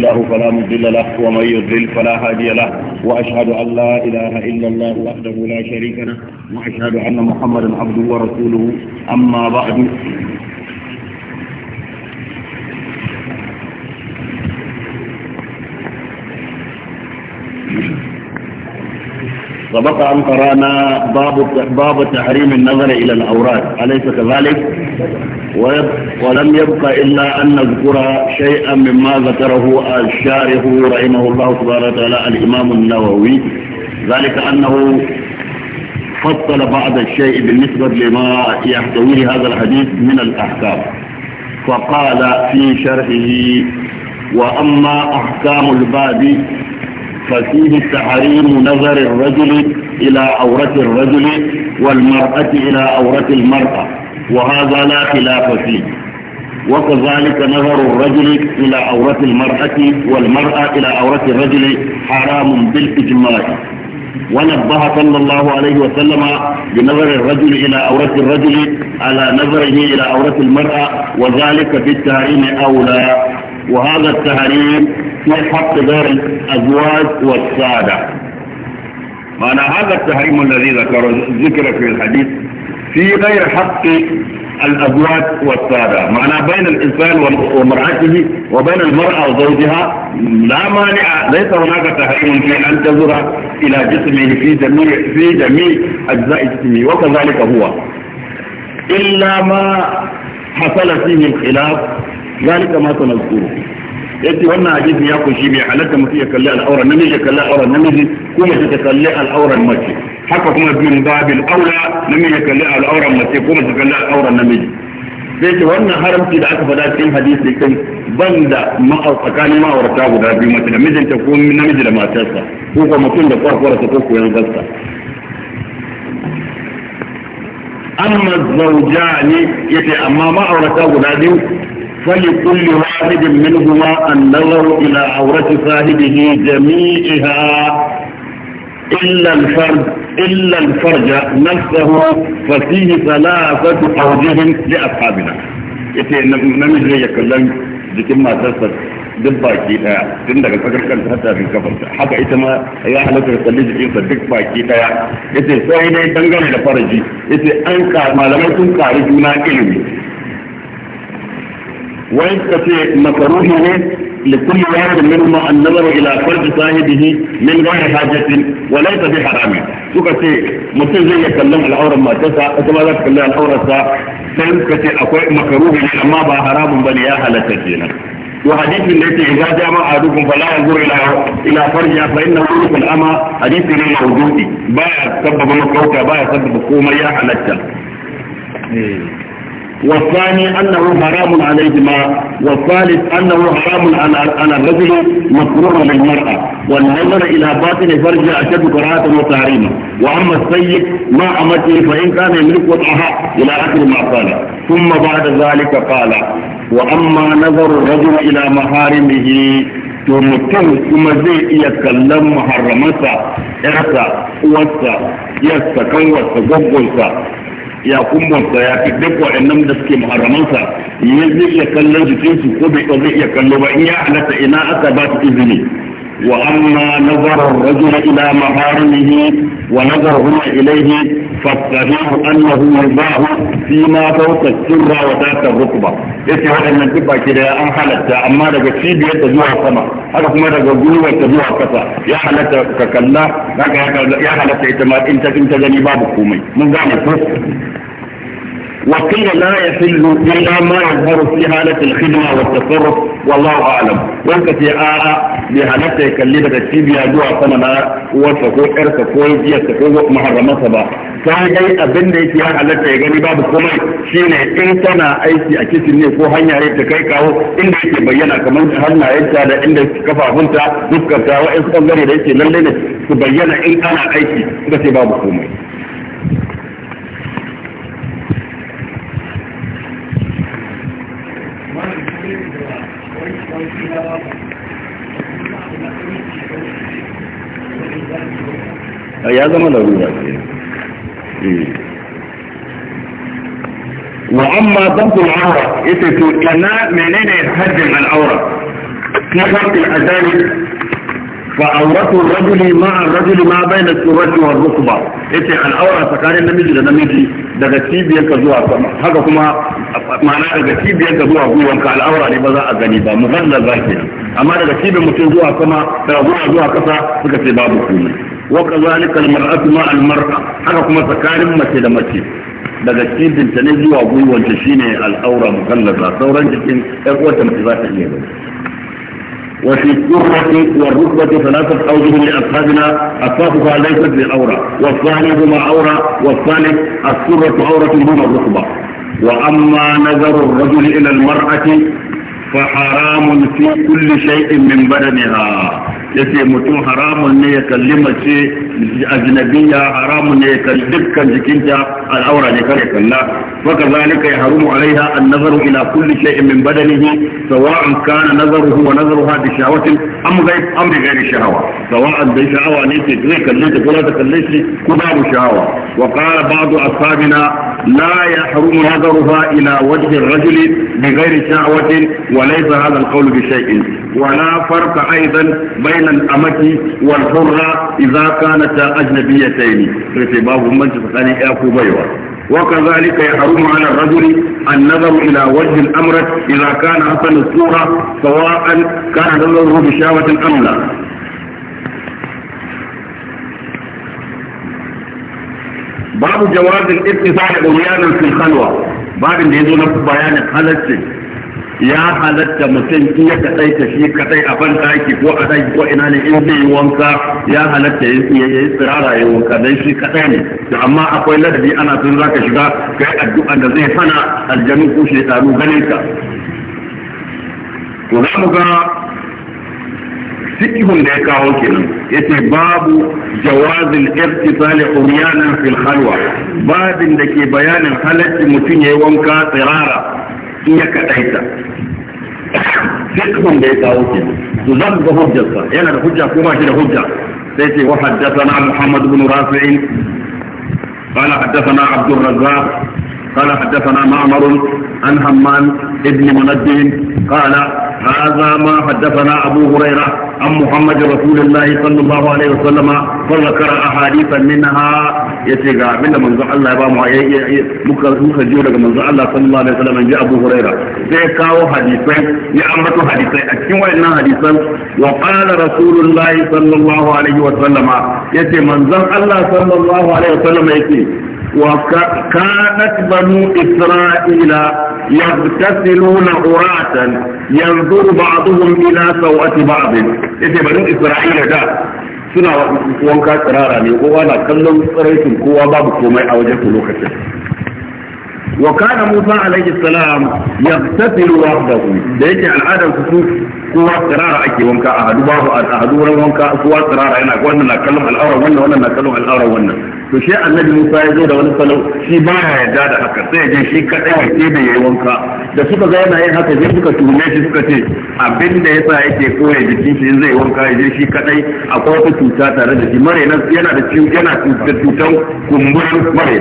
الله فلا مضل له ومن يضلل فلا هادي له وأشهد أن لا إله إلا الله وحده لا شريك له وأشهد أن محمدا عبده ورسوله أما بعد سبق أن قرأنا باب باب تحريم النظر إلى الأوراد أليس كذلك؟ ولم يبق إلا أن نذكر شيئا مما ذكره الشارح رحمه الله سبحانه وتعالى الإمام النووي ذلك أنه فصل بعض الشيء بالنسبة لما يحتويه هذا الحديث من الأحكام فقال في شرحه وأما أحكام الباب ففيه تحريم نظر الرجل إلى عورة الرجل والمرأة إلى عورة المرأة وهذا لا خلاف فيه وكذلك نظر الرجل إلى عورة المرأة والمرأة إلى عورة الرجل حرام بالإجماع ونبه صلى الله عليه وسلم بنظر الرجل إلى عورة الرجل على نظره إلى عورة المرأة وذلك بالتهريم أولى وهذا التهريم في حق دار الأزواج والسادة معنى هذا التحريم الذي ذكر ذكر في الحديث في غير حق الأزواج والسادة معنى بين الإنسان ومرأته وبين المرأة وزوجها لا مانع ليس هناك تحريم في أن تزر إلى جسمه في جميع في جميع أجزاء جسمه وكذلك هو إلا ما حصل فيه الخلاف ذلك ما سنذكره yace wannan hadisi ya kunshi bai halatta mutum ya kalli al'auran namiji ya kalli al'auran namiji kuma ta kalli al'auran mace haka kuma bin babin aula namiji ya kalli al'auran mace ko mace kalli al'auran namiji sai ce wannan haramci da aka faɗa cikin hadisi kai ban da tsakanin ma'aurata guda biyu mace da mijinta ko namiji da matarsa ko kuma mutum da ta ko koyon gasta amma zaujani yace amma ma'aurata guda biyu fali wahidin فلكل an منهما ila إلى sahibihi jami'iha illa al-fard إلا الفرج نفسه ففيه ثلاثة أوجه لأصحابنا إتنا نمجري يكلم بكما تسر دبا كي لا آه، تندق الفجر كانت حتى في الكفر حتى إتما يا حلوك يصلي جي إنسا دبا كي لا آه، إتنا سوينا يتنقل إلى فرجي إتنا انقع ما لم يكن كاري دونا إلوي وإنك تسي مطروحي لكل واحد منهما النظر إلى فرد صاحبه من غير حاجة وليس بحرام suka ce mutum zai iya kallon al'auran matarsa ita ma za ta kalli al'aurarsa sai suka ce akwai makaruhi ne amma ba haramun bane وحديث إذا جاء أحدكم فلا ينظر إلى إلى فرجها فإنه يدرك الأمى حديث من موجود بايع سبب مكوكا بايع سبب قومية على الشر. والثاني أنه حرام عليهما والثالث أنه حرام على الرجل مكروه للمرأة والنظر إلى باطن فرج أشد كراهة وتعريما وأما السيد ما أمته فإن كان يملك وضعها إلى آخر ما قال ثم بعد ذلك قال وأما نظر الرجل إلى محارمه ثم mutum زي يتكلم iya إرثا muharramansa yarsa uwarsa ya kumbansa ya fi duk waɗannan da suke muharramansa ya zai iya kallon jikinsu ko bai zai iya kallo ba in ya halatta ina aka ba su izini وأما نظر الرجل إلى محارمه ونظرهما إليه فالصحيح أنه يباه فيما فوق السرة وذات الركبة إيش هذا من تبقى كده أن آه، حلت أما لك سيد يتزوع السماء هذا كما لك قلوة تجوع كسا يا حلت ككلا يا حلت إتماد إنت كنت جنبابك كومي من قامت وقيل لا يفل الا ما يظهر في حاله الخدمه والتصرف والله اعلم وانت في اعلى لهالته كلمه التيبيا جوا سنه ما وفقوا ارث فوق جيه تفوق مهرم سبا كان جاي ابن دي في حاله يغني باب كومي شينه ان كان اي سي اكيد ني كو هانيا ريت كاي كاو ان دي يبينا كمان هانيا ايتا ده ان دي كفافنتا دكتا واي سبغري ده يكي لله ني تبينا ان كان اي سي بس باب كومي ya zama larura ce eh. wa amma dabtul aura ita to kana menene haddin al'aura na farkin azali فعورة الرجل مع الرجل ما بين السرة والركبة yace al'aura tsakanin namiji da namiji daga cibiyar ka zuwa sama haka kuma ma'ana daga cibiyar ka zuwa gwiwan ka al'aura ne ba za a gani ba muhallaza kenan amma daga cibiyar mutum zuwa sama daga gwiwa zuwa kasa suka ce babu komai wa kadhalika al-mar'atu ma al-mar'a haka kuma tsakanin mace da mace daga cibinta ne sauran jikin za ta iya ba. وفي السرة والركبة ثلاثة أوجه لأصحابنا أصحابنا أصابها ليست بالأورى والثاني هما أورى والثالث السرة أورة هما الركبة وأما نظر الرجل إلى المرأة فحرام في كل شيء من بدنها yace mutum haramun ne ya kalli mace ajnabiya haramun ne ya kalli dukkan jikinta al'aura ne kare kalla wa kazalika yahrumu alaiha an-nazaru ila kulli shay'in min badanihi sawa'an kana nazaruhu wa nazaruha bi shawatin am ghayb am bi ghairi shahawa sawa'an bi shahawa ne ce zai kalle ta ko ta kalle shi ko babu shahawa wa qala ba'du ashabina la yahrumu nazaruha ila wajhi ar-rajul bi ghayri shahawatin wa laysa hadha al-qawlu bi shay'in wa la farqa aidan bayna بين الأمة والحرة إذا كانتا أجنبيتين في باب من تسألي أكو بيوة وكذلك يحرم على الرجل النظر إلى وجه الأمر إذا كان حسن الصورة سواء كان نظره بشاوة أم لا باب جواز الاتصال عريانا في الخلوة باب اللي يدونك بيان na ya halatta mutum in ya kadai ta shi kadai a ban daki ko a daki ko ina ne in zai wanka ya halatta ya yi tsirara ya wanka dan shi kadai ne to amma akwai ladabi ana tun zaka shiga kai addu'a da zai hana aljanu ko shaytanu ganin ka to za mu ga fikihun da ya kawo kenan yace babu jawazil irtisali umyanan fil khalwa babin da ke bayanin halatti mutum yayi wanka tsirara in ya kaɗaita fikhun da ya kawo ke to za ga hujjarsa yana da hujja ko ba shi da hujja sai ce wa haddathana Muhammad ibn Rafi'in قال حدثنا عبد الرزاق قال حدثنا معمر عن همام ابن منبه قال هذا ما حدثنا أبو هريرة عن محمد رسول الله صلى الله عليه وسلم فذكر أحاديثا منها يتيغا من منزع الله يبا muka jiyo daga manzo Allah sallallahu alaihi wasallam ji Abu sai kawo hadisai ya ambato hadisai a cikin wayannan hadisan wa qala rasulullah sallallahu alaihi wasallam yace manzon Allah sallallahu alaihi wasallam yake وكانت بنو إسرائيل يغتسلون عراة ينظر بعضهم إلى سوءة بعض إذا بنو إسرائيل دا سنة وانكا سرارا وانا كلهم سرعيكم قوة بابكم أوجهت لوكتا وكان موسى عليه السلام يغتسل وحده ده يعني خصوص kowa tsirara ake wanka a hadu babu a hadu wurin wanka kowa tsirara yana wannan na kallon al'aura wannan wannan na kallon al'aura wannan to shi annabi Musa ya zo da wani salo shi ba ya yarda da haka sai ya shi kadai wanke da yayi wanka da suka ga yana yin haka sai suka tume shi suka ce abin da yasa yake koya jikin shi zai wanka ya je shi kadai akwai wata cuta tare da shi mare yana da ciwo yana cutar kumburin mare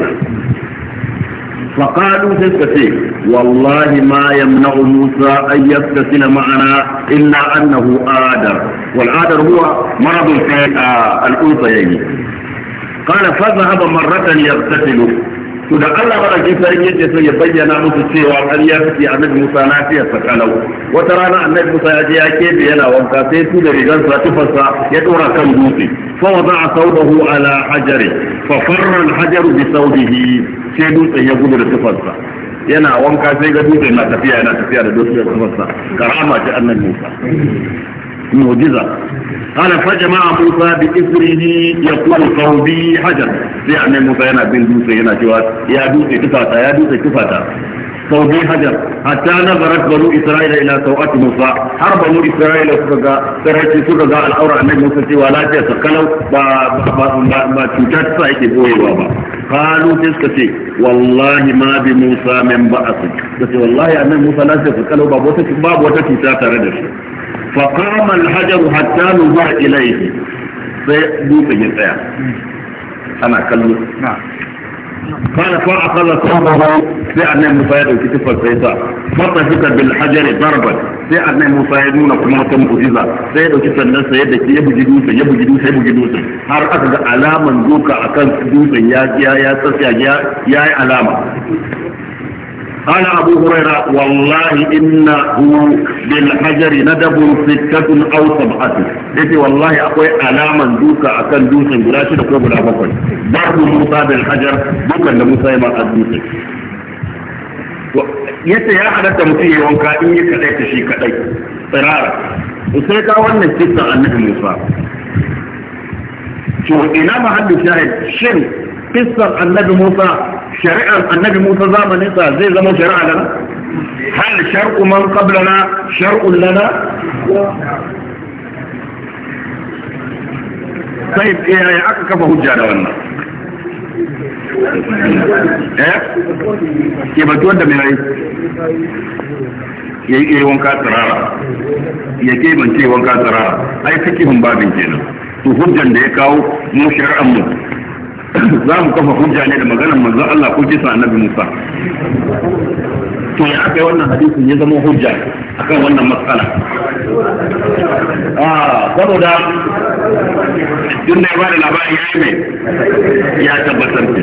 فقالوا سيسكتي والله ما يمنع موسى أن يستسيل معنا إلا أنه آدر والآدر هو مرض في آه، الأنثيين يعني. قال فذهب مرة يغتسل to da Allah madaukin sarki yake so ya bayyana musu cewa ya suke annabi Musa lafiyar sa kalau wata rana annabi Musa ya je ya kebe yana wanka sai su da rigar sa tufarsa ya dora kan dutse fa wada'a saudahu ala hajari fa farra al-hajaru bi saudihi sai dutse ya gudu da tufarsa yana wanka sai ga dutse na tafiya yana tafiya da dutse da tufarsa karama ta annabi Musa mu'jiza qala fa jama'a musa bi isrihi yaqulu qawbi hajar sai annabi musa yana bin dutse yana cewa ya dutse tufata ya dutse tufata sau hajar hatta nazarat banu isra'ila ila sau'ati musa har banu isra'ila suka ga sarki suka ga al'aura annabi musa cewa lafiya sa kalau ba ba cutar yake boyewa ba qalu suka ce wallahi ma bi musa min ba'as suka ce wallahi musa wata babu wata cuta tare da shi فقام الحجر حتى نظر إليه فيدوك جفاء أنا كله قال فأخذ صبره سأنا مفايد كتفة سيسا فطفت بالحجر ضربا سأنا مفايدون كما تنفذها سيد كتفة الناس سيدك يبجي دوسا يبجي دوسا يبجي دوسا هر أخذ علاما دوكا أكان دوسا يا يا يا يا يا علامة قال أبو هريرة والله إنه بالحجر ندب ستة أو سبعة يتي والله أقوي ألاما دوكا أكن دوسا قلاشي لقوم الأبقل بعض موسى بالحجر دوكا لموسى ما أدوسا yace ya halatta mutum ya wanka in ya kadai ta shi kadai tsirara sai ka wannan kisan annabi Musa to ina mahallin shahid shin kissan annabi Musa shari'ar annabi Musa zamanin sa zai zama shari'a lana hal shar'u man qablana shar'un lana sai yaya eh, aka kafa hujja da wannan eh ke batu wanda mai ya yi wanka tsirara ya ke bance wanka tsirara ai fikihun babin kenan to hujjan da ya kawo mu shari'ar mu za mu kafa hujja ne da maganar manzon Allah ko kisa annabi Musa to ya aka wannan hadisin ya zama hujja akan wannan matsala ah saboda tun ne ya bada labarin ya yi ya tabbatar ke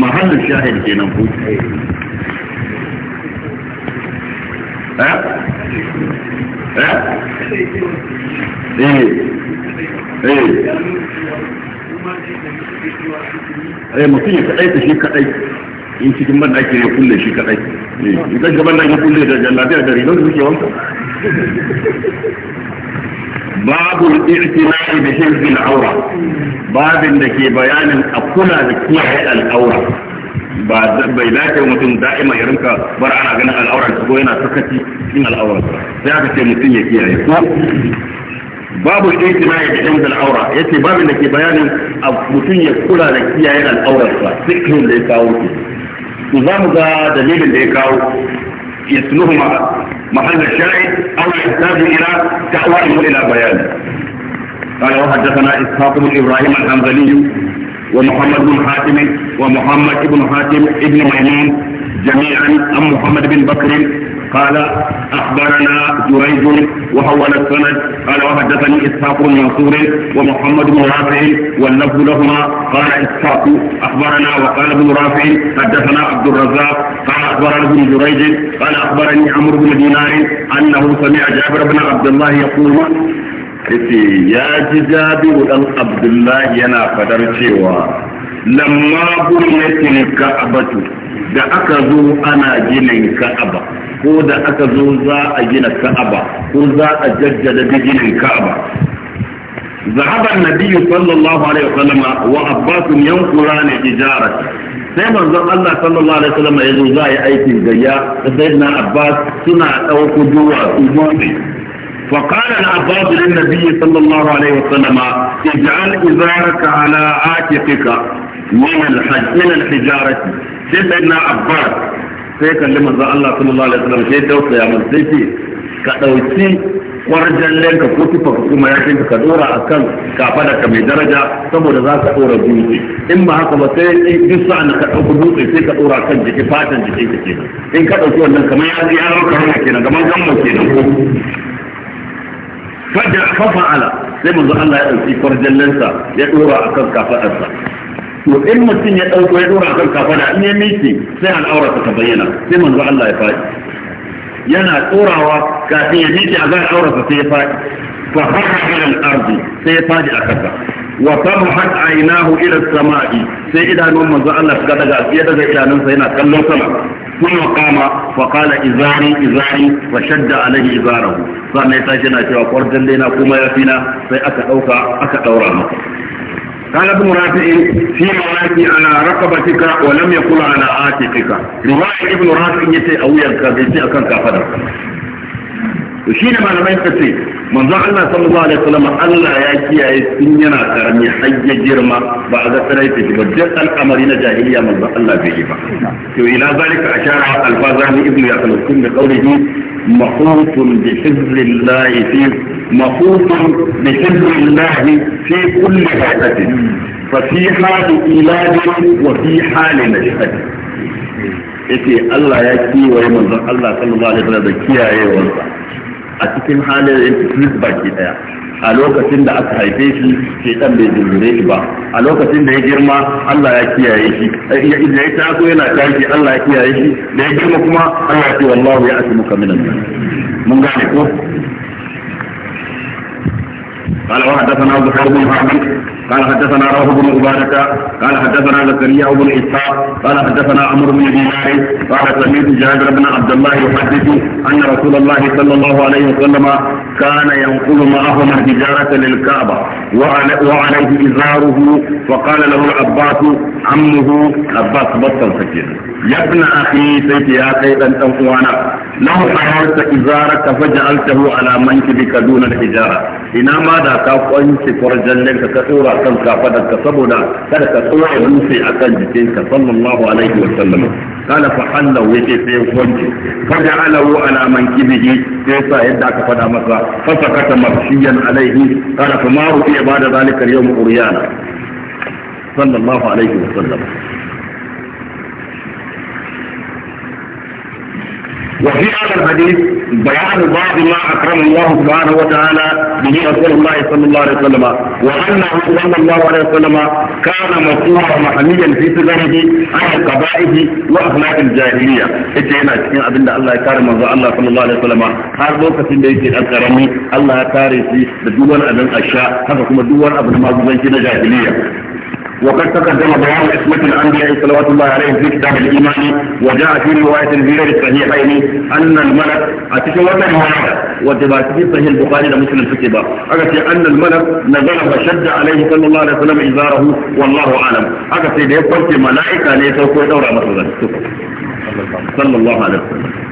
mahallin shahid kenan ku eh eh eh, eh? eh mutum ya kaɗai ta shi kadai in cikin ban ake ya kulle shi kadai eh, in kashi ban ake kulle da jallabiya da rigar suke wanka babu i'tina'i da hizbil aura babin da ke bayanin a kula da kiyaye al'aura ba bai dace mutum da'ima ya rinka bar ana ganin al'aura su ko yana sakaci cikin al'aura, sai aka ce mutum ya kiyaye باب الاجتماع بحمد الاورا يتي باب انك بياني مثل يقول لك يا ايها الاورا فكر اللي يكاوك نظام ذا دليل اللي يكاو يسلوهما محل الشاهد او يحتاج الى تحوائه الى بيان قال وحدثنا اسحاق بن ابراهيم الحنظلي ومحمد بن حاتم ومحمد بن حاتم ابن ميمون جميعا ام محمد بن بكر قال أخبرنا جريج وهو السند قال وحدثني إسحاق بن منصور ومحمد بن رافع واللفظ لهما قال إسحاق أخبرنا وقال ابن رافع حدثنا عبد الرزاق قال أخبرنا ابن جريج قال أخبرني عمرو بن دينار أنه سمع جابر بن عبد الله يقول يا جابر بن عبد الله ينا yana fadar lamma buriyatil ka'abatu da aka zo ana ginin ka'aba ko da aka zo za a gina ka'aba ko za a jaddada ginin ka'aba ذهب النبي صلى الله عليه وسلم وعباس ne ijara sai manzon Allah sallallahu alaihi wasallam ya za a yi aikin gayya da sayyidina Abbas suna ɗauko duwa su فقال العباس للنبي صلى الله عليه وسلم اجعل إزارك على عاتقك من الحج من الحجارة سيدنا عباس sai kalli manzon Allah sallallahu alaihi wasallam sai tausaya mun sai ce ka dauki kwarjallen ka ko tufa kuma ya kinka ka dora akan kafada ka mai daraja saboda za ka dora dutse in ba haka ba sai in duk sa'an ka dauki dutse sai ka dora kan jiki fatan jiki ka kenan in ka dauki wannan kamar ya ya rauka kenan kamar gamma kenan ko fada fafa'ala sai manzo Allah ya ɗauki farjallansa ya ɗora a kan kafaɗarsa, to in mutum ya dauko ya ɗora a kan kafada in ya miki sai al'aura ta bayyana sai manzo Allah ya faɗi yana ɗorawa kafin ya miki a ga al'aura sai ya faɗi fa hakka al-ardi sai ya faɗi a kasa wa tamhat aynahu ila as-sama'i sai idanun manzo Allah suka daga ya daga idanunsa yana kallon sama ثم قام فقال إزاري إزاري وشد عليه إزاره فما يتاجنا في وقرد لنا كما يفينا فأكأوك أكأورا قال ابن رافع في مواتي على رقبتك ولم يقل على آتقك رواية ابن رافع يتي أويا الكابيتي أكن كفدر to shi ne malamai ta ce manzon Allah sallallahu alaihi wasallam Allah ya kiyaye sun yana karami hajja girma ba a zakara yake shi ba duk al'amari na jahiliya manzon Allah bai yi ba to ila zalika ashara al-fazani ibnu yaqul kun da qawlihi mahutun bi hizbillah fi mahutun bi hizbillah fi kulli hadatin fa fi hal ilad wa fi hal nashad yace Allah ya kiyaye manzon Allah sallallahu alaihi wasallam da kiyayewarsa a cikin halin iblis baki daya a lokacin da aka haife shi dan bai jirgire shi ba a lokacin da ya girma Allah ya kiyaye shi da ya taso yana tashi Allah ya kiyaye shi da ya girma kuma Allah ya ce wallahu ya asimuka minan mun gane ko قال وحدثنا ابو بن حرب قال حدثنا روح بن عبادة قال حدثنا زكريا بن إسحاق قال حدثنا عمرو بن دينار قال سمعت جابر بن عبد الله يحدث أن رسول الله صلى الله عليه وسلم كان ينقل معهما الحجارة للكعبة وعليه إزاره فقال له العباس عمه عباس بطل فكير يا ابن أخي سيتي يا سيدا أخوانا lahu qararta izaraka faj'altahu ala mankibika duna al-hijara ina ma da ka kwanci farjallen ka tsora kan kafadar ka saboda kada ka tsora rufe akan jikin ka sallallahu alaihi wa sallam kana fa hallahu yake sai kwanci faj'alahu ala mankibihi sai sa yadda aka fada masa fa sakata marshiyan alaihi kana fa ma ba'da zalika al-yawm wa sallam وفي هذا الحديث بيان بعض ما اكرم الله سبحانه وتعالى به رسول الله صلى الله عليه وسلم وانه صلى الله عليه وسلم كان مسؤولا محميا في صغره عن القبائل واخلاق الجاهليه. اتينا اتينا ابن الله كرم الله صلى الله عليه وسلم هذا هو كثير بيت الكرم الله كارثي بدون ابن الاشياء هذا هو دول ابن ما بنتي الجاهليه. وقد تقدم بيان عصمة الأنبياء صلوات الله عليهم في كتاب الإيمان وجاء في رواية في الصحيحين أن الملك أتيت وطن هذا وتباتي صحيح البخاري لمسلم في كتاب أن الملك نزل فشد عليه صلى الله عليه وسلم إزاره والله أعلم أكثر يقول ملائكة ليسوا كويتا ورحمة الله صلى الله عليه وسلم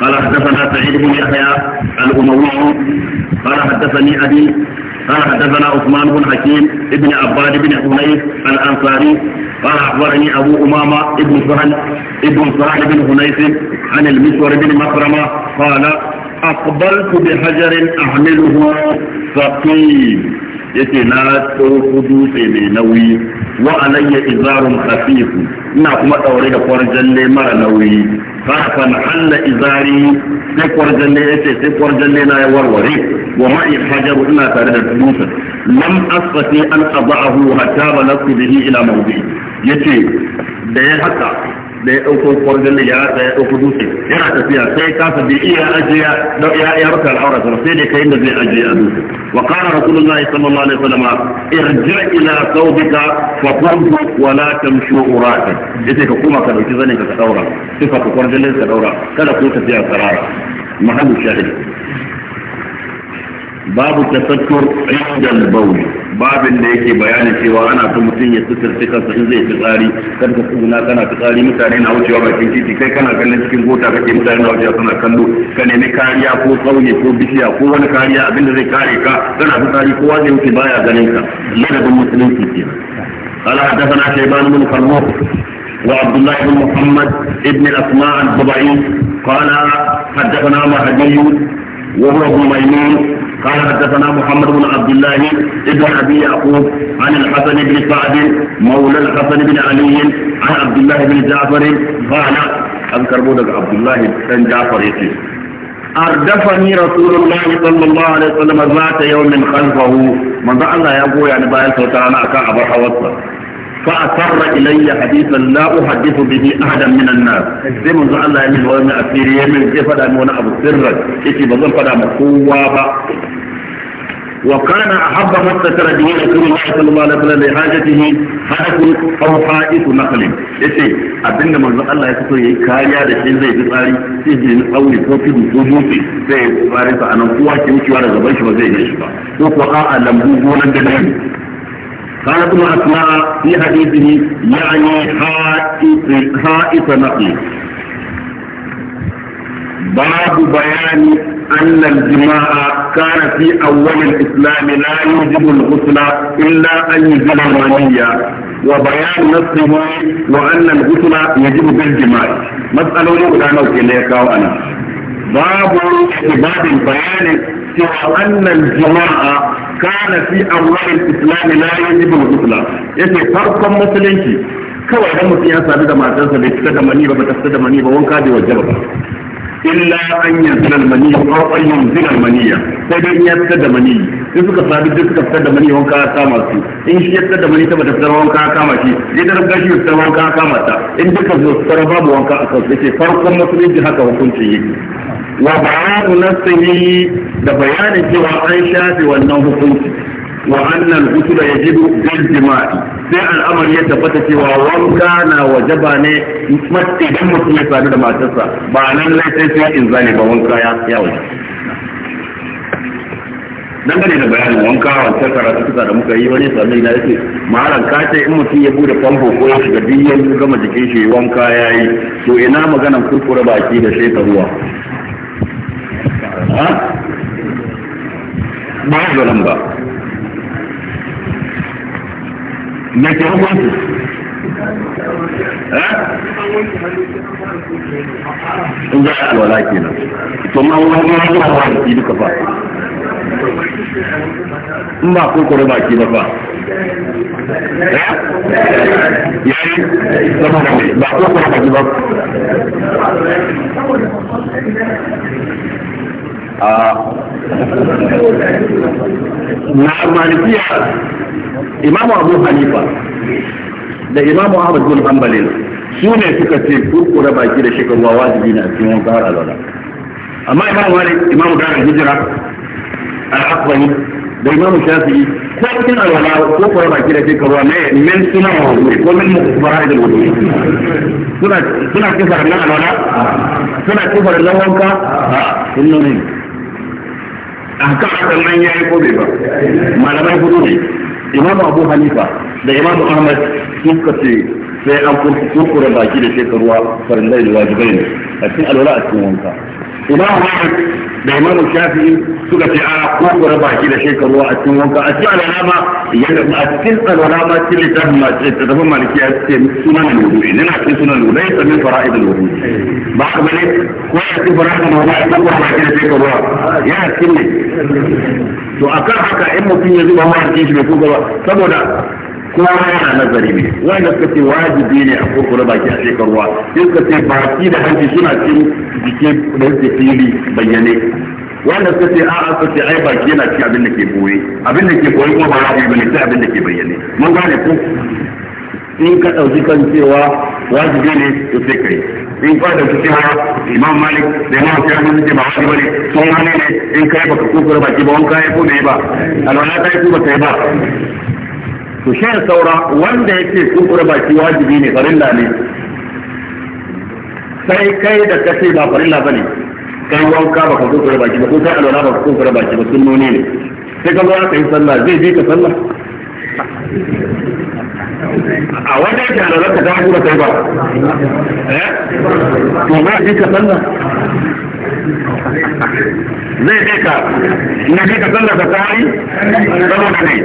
قال حدثنا سعيد بن يحيى الأموي قال حدثني أبي قال حدثنا عثمان بن حكيم ابن عباد بن حنيف الأنصاري قال أخبرني أبو أمامة ابن سهل ابن سهل بن حنيف عن المسور بن مكرمه قال aqbaltu bi hajarin ahmiluhu thaqil na ɗauko dutse mai nauyi wa alayya izarun khafifu ina kuma daure da kwarjalle mara nauyi fa'fan halla izari sai kwarjalle yace sai kwarjalle na ya warware wa ma'i hajaru ina tare da dutsen lam asfati an qada'ahu hatta balagtu bihi ila mawdi yace da ya haka da ya ɗauko kwarjan da ya rasa ya ɗauko dutse yana tafiya sai kasa bai iya ajiya da ya ya rasa al'aura sa sai dai kayin da zai ajiye a dutse wa qala rasulullahi sallallahu alaihi wasallam irji ila thawbika fa qum wa la tamshu urata yace ka kuma ka dauki zanin ka ka daura sai ka kwarjan da ka daura kada ku tafiya sarara mahallu shahidi babu tasattur indal bawl babin da yake bayanin cewa ana so mutum ya suturci kansa in zai fitsari kan ka tsuna kana fitsari mutane na wucewa bakin titi kai kana kallon cikin gota kake mutane na wucewa suna kallo ka nemi kariya ko tsauni ko bishiya ko wani kariya abinda zai kare ka kana fitsari kowa zai wuce baya ganin ka ladabin musulunci ala قال حدثنا شيبان بن wa وعبد bin muhammad ibn ابن الاسماء الضبعي قال حدثنا مهدي وهو ابن ميمون قال حدثنا محمد بن عبد الله بن ابي يعقوب عن الحسن بن سعد مولى الحسن بن علي عن عبد الله بن جعفر قال اذكر بودك عبد الله بن جعفر يقول أردفني رسول الله صلى الله عليه وسلم ذات يوم خلفه من ذا الله يقول يعني بايل سلطان أكا أبا حوصة فأسر إلي حديثا لا أحدث به أحدا من الناس زي من ذا الله يمين يعني ومن يمين كيف أدى أبو سرك إيش بظل فدا مقوة وكان أحب ما استتر به رسول الله صلى الله عليه وسلم لحاجته حدث أو حائط نقل يتي أبن من الله يكتر يكايا لشيء زي بطاري سيجي أو صوفي بصوموفي في بطاري فأنا قوة كمشي ولا زبايش وزي نشبا وقعاء آه لمبوزونا جنان قالت ابن أسماء في حديثه يعني حائط حائط نقل باب بيان أن الجماع كان في أول الإسلام لا يوجب الغسل إلا أن يزيل الرمية وبيان نصه وأن الغسل يجب بالجماع مسألة أنا وكليك وأنا باب باب البيان أن الجماع كان في أول الإسلام لا يجب الغسل يجب فرق مسلمتي kawai dan mutum ya sadu da matarsa bai fita da mani ba ba ta fita da mani ba wanka bai wajaba ba illa an yanzu almani ko an yanzu almaniya sai dai ya fitar da mani sai suka sabi duk suka fitar da mani wanka ya kama in shi ya fitar da mani ta bata fitar wanka ya kama shi ya da fitar wanka ya kama ta in duka su fitar babu wanka a farkon musulunci haka hukuncin yake wa da bayanin cewa an shafe wannan hukunci wa annal ghusla yajibu bil jima'i sai al'amari ya tabbata cewa wanka na wajaba ne idan mutum ya sadu da matarsa ba nan lai sai in zane ba wanka ya ya dan gane da bayanin wanka wancan karatu suka da muka yi wani sami na yake malam ka ce in mutum ya bude famfo ko ya shiga biyan gama jikin shi wanka ya yi to ina maganan kurkure baki da shaita ruwa ba ba na ke hukunci eh? in za a wala kenan to ma wani wani wani wani duka fa in ba ko kore baki ba fa eh? yayi zama da ba ko kore baki ba na malikiya imamu abu hanifa da imamu ahmad bin hanbalin su ne suka ce kurkura baki da shekarwa wajibi na cikin wani har alwala amma imamu wani imamu garin hijira al-akwai da imamu shafi'i ko cikin alwala ko kuwa baki da shekarwa ne min suna wani ko min mukbara da wani suna suna kifar nan alwala suna kifar nan wanka a inno ne a kan akan nan ya yi ko bai ba malamai hudu ne imamu abu hanifa da imamu ahmad suka ce sai an kurkure baki da shekaruwa farillai da wajibai ne a cikin alwala a cikin wanka imamu ahmad da imamu shafi'i suka ce a ko ku raba shi da shekaru a cikin wanka a cikin alama yadda a cikin alama ma cikin littafin ma ce ta dafa maliki ya ce sunan al-wudu'i nana cikin sunan al-wudu'i ta min fara'id al-wudu'i ba ka bane ko ya ci fara'id al-wudu'i ko ku raba shi da shekaru ya cikin ne to akan haka in mutum ya zuba ma cikin shi bai ko ba saboda kowa yana nazari ne wanda suka ce wajibi ne a kurkure baki a shekaruwa ruwa sai suka ce baki da hanci suna cin jike da suke fili bayyane wanda suka ce a'a suka ce ai baki yana cin abin da ke boye abin da ke boye kuma ba wajibi bane sai abin da ke bayyane mun gane ko in ka ɗauki kan cewa wajibi ne to sai kai in ka ɗauki cewa imam malik da imam shafi sun ce ba wajibi bane sun hane ne in kai baka kurkure baki ba ka yi ko ne ba alwala ka yi ko ba ta yi ba to shan saura wanda yake kunkura baki wajibi ne farilla ne sai kai da kace ba farilla bane kai wanka ba ka kunkura baki ba ko kai alwala ba ka kunkura baki ba sunnoni ne sai ka zo ka yi sallah zai je ka sallah a wanda yake alwala ka ta kuma kai ba eh to ba je ka sallah zai je ka na je ka sallah ka kai saboda ne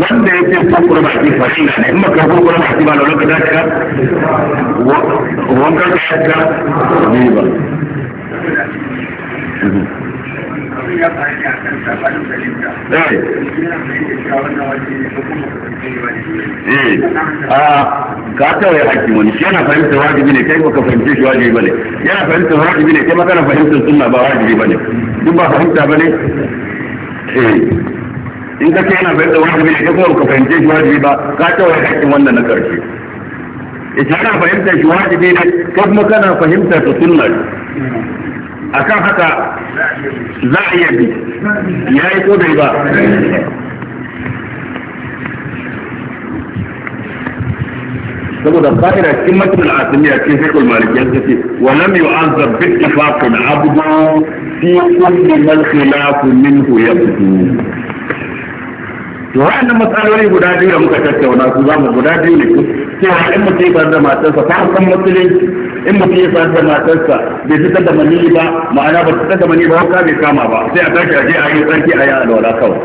wanda ya ce kokura ba ke fashi na in maka kokura ba ba da wani wanka ka shakka ne ba mhm. ka tawaye hakkin wani shi yana fahimtar wajibi ne kai baka fahimce shi wajibi bane yana fahimtar wajibi ne kai ma kana fahimtar sunna ba wajibi bane duk ba fahimta bane eh in ka ce yana fahimtar wajibi ne kai kuma baka fahimce shi wajibi ba ka tawaye hakkin wannan na karshe idan kana fahimtar shi wajibi ne kai kuma kana fahimtar sunna akan haka za a yi ya yi ko bai ba saboda a cikin matsalar asimiya cikin fiƙul malikiyar ta ce wa lam yu'azzab ifafu na abubu fi kulli mal khilaf minhu fito to da matsaloli guda biyu da muka tattauna su mu guda biyu ne cewa in mutum ya bar da matarsa ta san matsalin in mutum ya san da matarsa bai fitar da maniyyi ba ma'ana ba fitar da mani ba wanka bai kama ba sai a tashi a je a yi tsarki a yi alwala kawai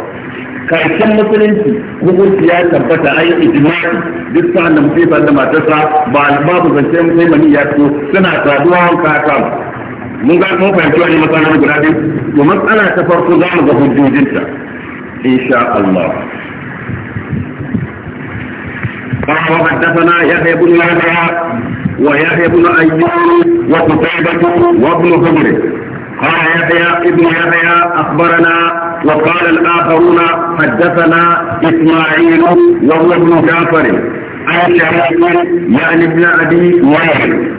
karshen musulunci hukunci ya tabbata a yi ijimai duk sa'an da mutum ya san da matarsa ba babu zance sai mani ya fito suna saduwa wanka kama mun ga mun fahimci wani matsalar guda biyu to matsala ta farko za mu ga hujjojinta insha Allah قال وحدثنا يحيى بن يحيى ويحيى بن أيوب وقتيبة وابن زمر قال يحيى ابن يحيى أخبرنا وقال الآخرون حدثنا إسماعيل وهو ابن جعفر عن شريك يعني ابن أبي وائل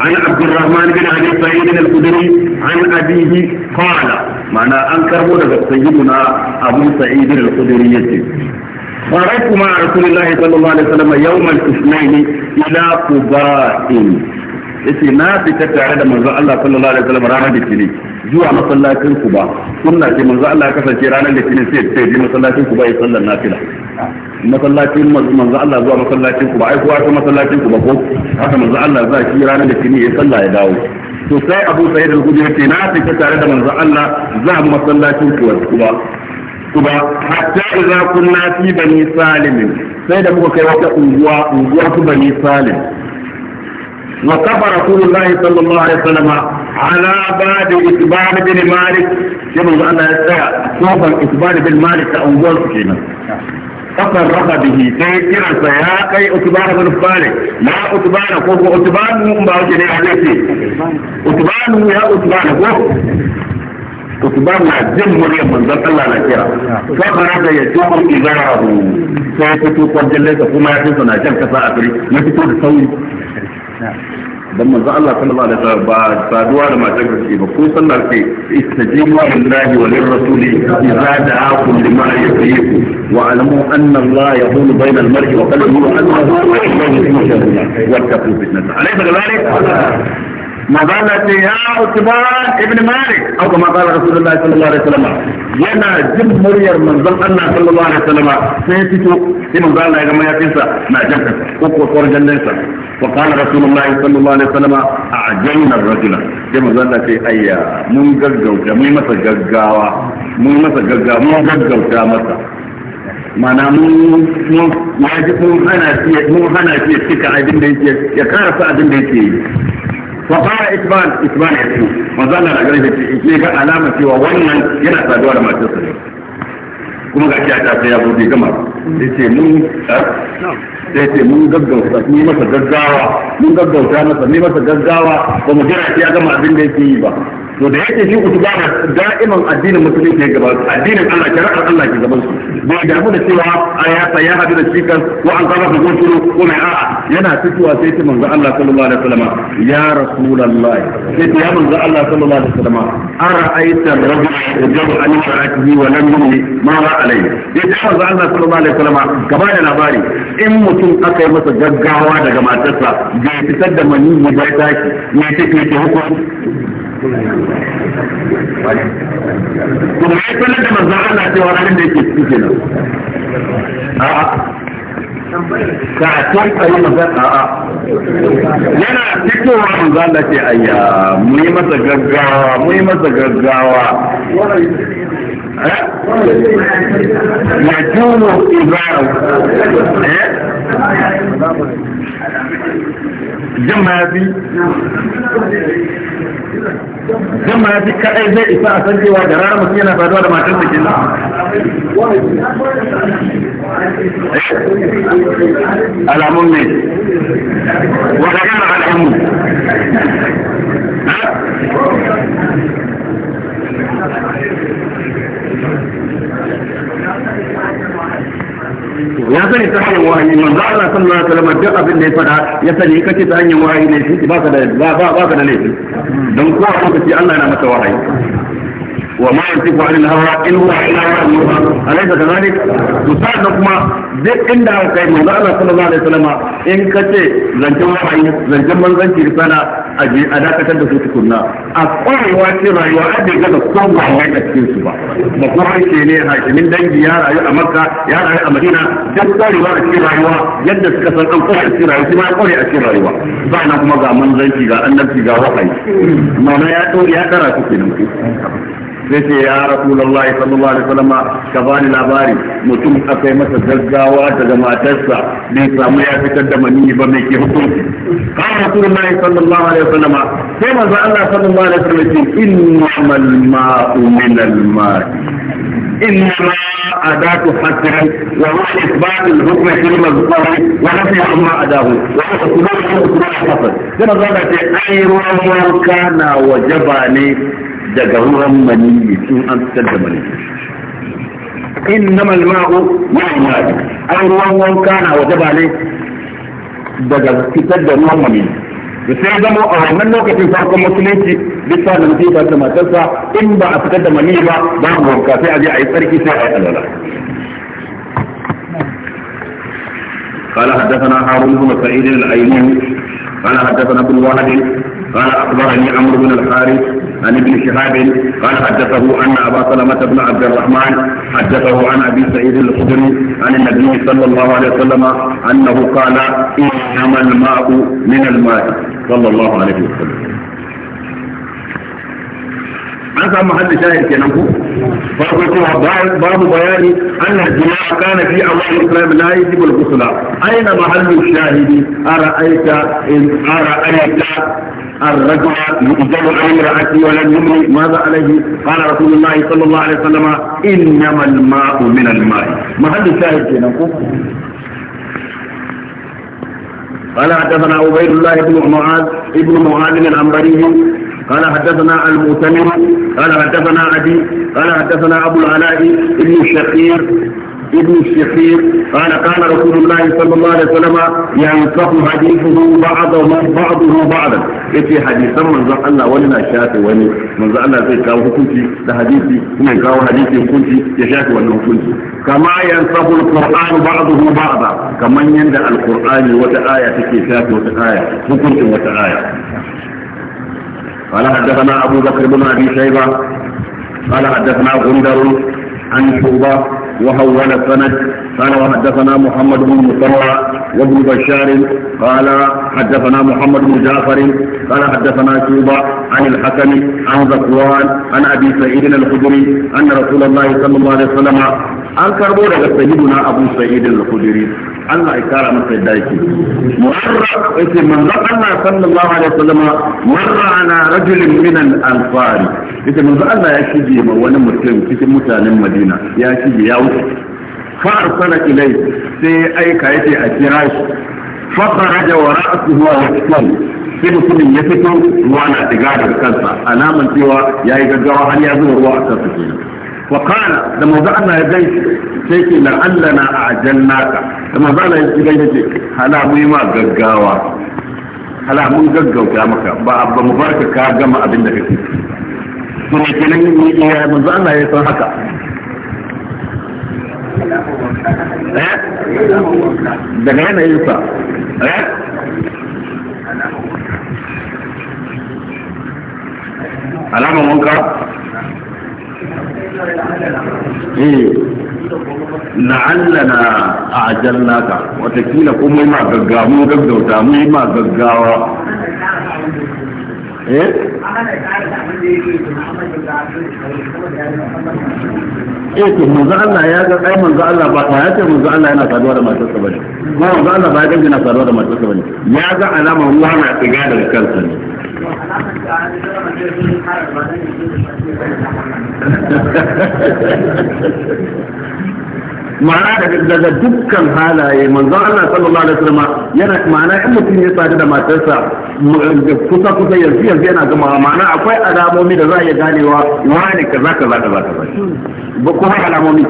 عن عبد الرحمن بن أبي سعيد الخدري عن أبيه قال معنى أنكر ولد سيدنا أبو سعيد الخدري خرجت مع رسول الله صلى الله عليه وسلم يوم الاثنين الى قباء yace na fita tare da manzon Allah sallallahu alaihi wasallam ranar litinin zuwa masallacin Kuba sunna ce manzon Allah ya kasance ranar litinin sai sai je masallacin Kuba ya sallar nafila masallacin manzon Allah zuwa masallacin Kuba ai kowa ta masallacin Kuba ko haka manzon Allah za shi ranar litinin ya sallah ya dawo to sai Abu Sa'id al-Khudri yace na fita tare da manzon Allah za mu masallacin Kuba su ba hatta idza kunna fi bani salim sai da muka kai wata unguwa unguwa su bani salim wa kafa rasulullahi sallallahu alaihi wasallam ala ba'd isban bin malik sai manzo Allah ya tsaya kofar isban bin malik a unguwar su kenan ففرق به سيكرا سياقي أتبان بن فالك لا أتبان كوكو أتبان مباوشني عليك أتبان يا أتبان كوكو to su ba na jin muryar manzon Allah na kira sabara da ya tuhu izarahu sai ya fito kwanjalle ka kuma ya fito na jan kasa a gari ya fito da sauri dan manzon Allah sallallahu alaihi wasallam ba saduwa da matan gaske ba ko sallar ce istajibu lillahi wa lirrasul idza da'akum lima yuhyikum wa alamu anna Allah yahulu bayna al-mar'i wa qalbihi wa annahu ilayhi tusharun wa taqu fitnatan alaysa kadhalik mazala ce ya Usman ibn Malik au kuma qala Rasulullah sallallahu alaihi wasallam yana jin muryar manzon Allah sallallahu alaihi wasallam sai fito sai manzon Allah ya ga mayafinsa na jan kansa ko ko tsor jannansa wa qala Rasulullah sallallahu alaihi wasallam a'jayna ar-rajula sai manzon Allah ce ayya mun gaggauta mun masa gaggawa mun masa gaggawa mun gaggauta masa mana mun ya ji mun hana shi mun hana shi cika abin da yake ya karasa abin da yake yi fa fara isban isban ya ce manzo Allah da gare shi cewa wannan yana saduwa da matarsa ne kuma ga kiyaye ta ya bude gama sai ce mun sai eh? ce mun gaggauta ni masa gaggawa mun gaggauta masa ni masa gaggawa ba mu jira ya gama abin da yake yi ba to da yake shi utuba da da'iman addinin musulunci ya gaba addinin Allah shari'ar Allah ke gaban su bai damu da cewa ayata ya hadu da cikas ko an kafa da gosuru ko mai a'a yana fitowa sai ce manzo Allah sallallahu alaihi wasallam ya rasulullahi sai ce ya manzo Allah sallallahu alaihi wasallam ara'aita rajul yajabu an ra'atihi wa lam yumli ma ra alayhi sai ce manzo Allah sallallahu alaihi wasallam gaba da labari in mutum aka yi masa gaggawa daga matarsa bai fitar da maniyyi ba ta ki ne take yake hukunci kuma ya sanar da manzan Allah cewa ranar da yake ciki kenan a'a ka san tsaye manzan a'a yana fitowa manzan Allah ce ayya mu masa gaggawa mu masa gaggawa eh? ya يجوز eh jin ya fi kaɗai zai isa a san cewa da rana mutum yana saduwa da matan da ke alamun ne wata yana alamun Thank you. ya sani ta hanyar wahayi manzo Allah sallallahu alaihi wasallam duk abin da ya fada ya sani kace ta hanyar wahayi ne shi ba ka da ba ba ka da laifi don ko a lokaci Allah na masa wahayi وما ينطق عن الهوى إن ka إلا وحي كذلك؟ وساعد كما duk inda aka kai manzo Allah sallallahu alaihi wasallam in ka ce zancen wahayi zancen manzanci risala a je a dakatar da su tukunna a kwarewa ce rayuwa a da ko ba wai da cikin su ba ba ko ce ne hakimin dangi ya rayu a Makka ya rayu a Madina duk kwarewa a cikin rayuwa yadda suka san an kware a cikin rayuwa kuma kware a cikin rayuwa kuma ga manzanci ga ga ya ya sai ya rasulullahi sallallahu alaihi wasallam ka bani labari mutum akai masa gaggawa daga matarsa bai samu ya fitar da maniyyi ba mai ke hukunci kan rasulullahi sallallahu alaihi wasallam sai manzo Allah sallallahu alaihi wasallam ce inna ma'u minal ma'i إنما أداة حصر وهو إثبات الحكم في المذكور ونفي عما أداه وحصول الحكم حصر كما قالت أي روى كان وجبني daga ruwan maniyyi sun an fitar da maniyyi إنما الماء والماء أي روان وان كان وجب عليه daga fitar da ruwan mani da sai zama a wannan lokacin farkon musulunci bisa da mutum ba da matarsa in ba a fitar da mani ba ba mu wanka sai a je a yi tsarki sai a yi alala قال حدثنا هارون بن سعيد الايمن قال حدثنا ابن واحد قال أخبرني عمرو بن الحارث عن ابن شهاب قال حدثه أن أبا سلمة بن عبد الرحمن حدثه عن أبي سعيد الخدري عن النبي صلى الله عليه وسلم أنه قال إنما الماء من الماء صلى الله عليه وسلم an محل mahallin shahid kenan ku farko أن babu bayani anna jima'a kana fi awal islam la yajibu الرجل يقبل عن امرأته ولم يمر ماذا عليه؟ قال رسول الله صلى الله عليه وسلم انما الماء من الماء محل الشاهد كده قال حدثنا عبيد الله بن معاذ ابن معاذ العنبري قال حدثنا المؤتمر قال حدثنا ابي قال حدثنا أبو العلاء ابن الشقير ابن الشقير قال قال رسول الله صلى الله عليه وسلم ينصف حديثه بعضه بعضه بعضا في حديث من ذا الله ولنا شاك وني من ذا الله زي كاو حكمتي لحديثي من كاو حديثي حكمتي يشاك وني كنتي كما ينصف القرآن بعضه بعضا كما يندى القرآن وتآية في شاك وتآية في حكمتي وتآية قال حدثنا أبو بكر بن أبي شيبة قال حدثنا غندر عن شعبة وهو السند قال وحدثنا محمد بن مصطفى وابن بشار قال حدثنا محمد بن جعفر قال حدثنا شوبة عن الحكم عن ذكوان عن أبي سعيد الخدري أن رسول الله صلى الله عليه وسلم an karbo daga sayyiduna abu sayyidin al-khudri Allah ya kara masa yadda yake muharra yace manzo Allah sallallahu alaihi wasallam marra ana rajulin min al anfar yace manzo Allah ya shige ma wani mutum cikin mutanen Madina ya shige ya wuce fa arsala ilai sai aika yace a kira shi fa kharaja wa ra'suhu wa sai mutumin ya fito ruwa na diga daga kansa alaman cewa yayi gaggawa har ya zuwa ruwa a kansa kenan wa da manzo Allah ya gaishe sai ke la'allana a ajannaka da manzo Allah ya gaishe ce hala mu yi ma gaggawa hala mun gaggauta maka ba ba mu barka ka gama abin da kake eh, haka eh? daga eh? wanka Eh, la'allana a ajiyar naka watakila ko mai ma gaggawa mun gaggauta mai ma gaggawa eh eh to manzo Allah ya ga kai manzo Allah ba ta yace manzo Allah yana saduwa da matarsa bane kuma manzo Allah ba ya dangana saduwa da matarsa bane ya ga alama ruwa na tsiga daga kansa ne ma'ana daga dukkan halaye manzon Allah sallallahu alaihi wasallam yana ma'ana in mutum ya sadu da matarsa kusa kusa yanzu yanzu yana gama ma'ana akwai alamomi da za a yi ganewa wani kaza kaza kaza kaza ba kuma alamomi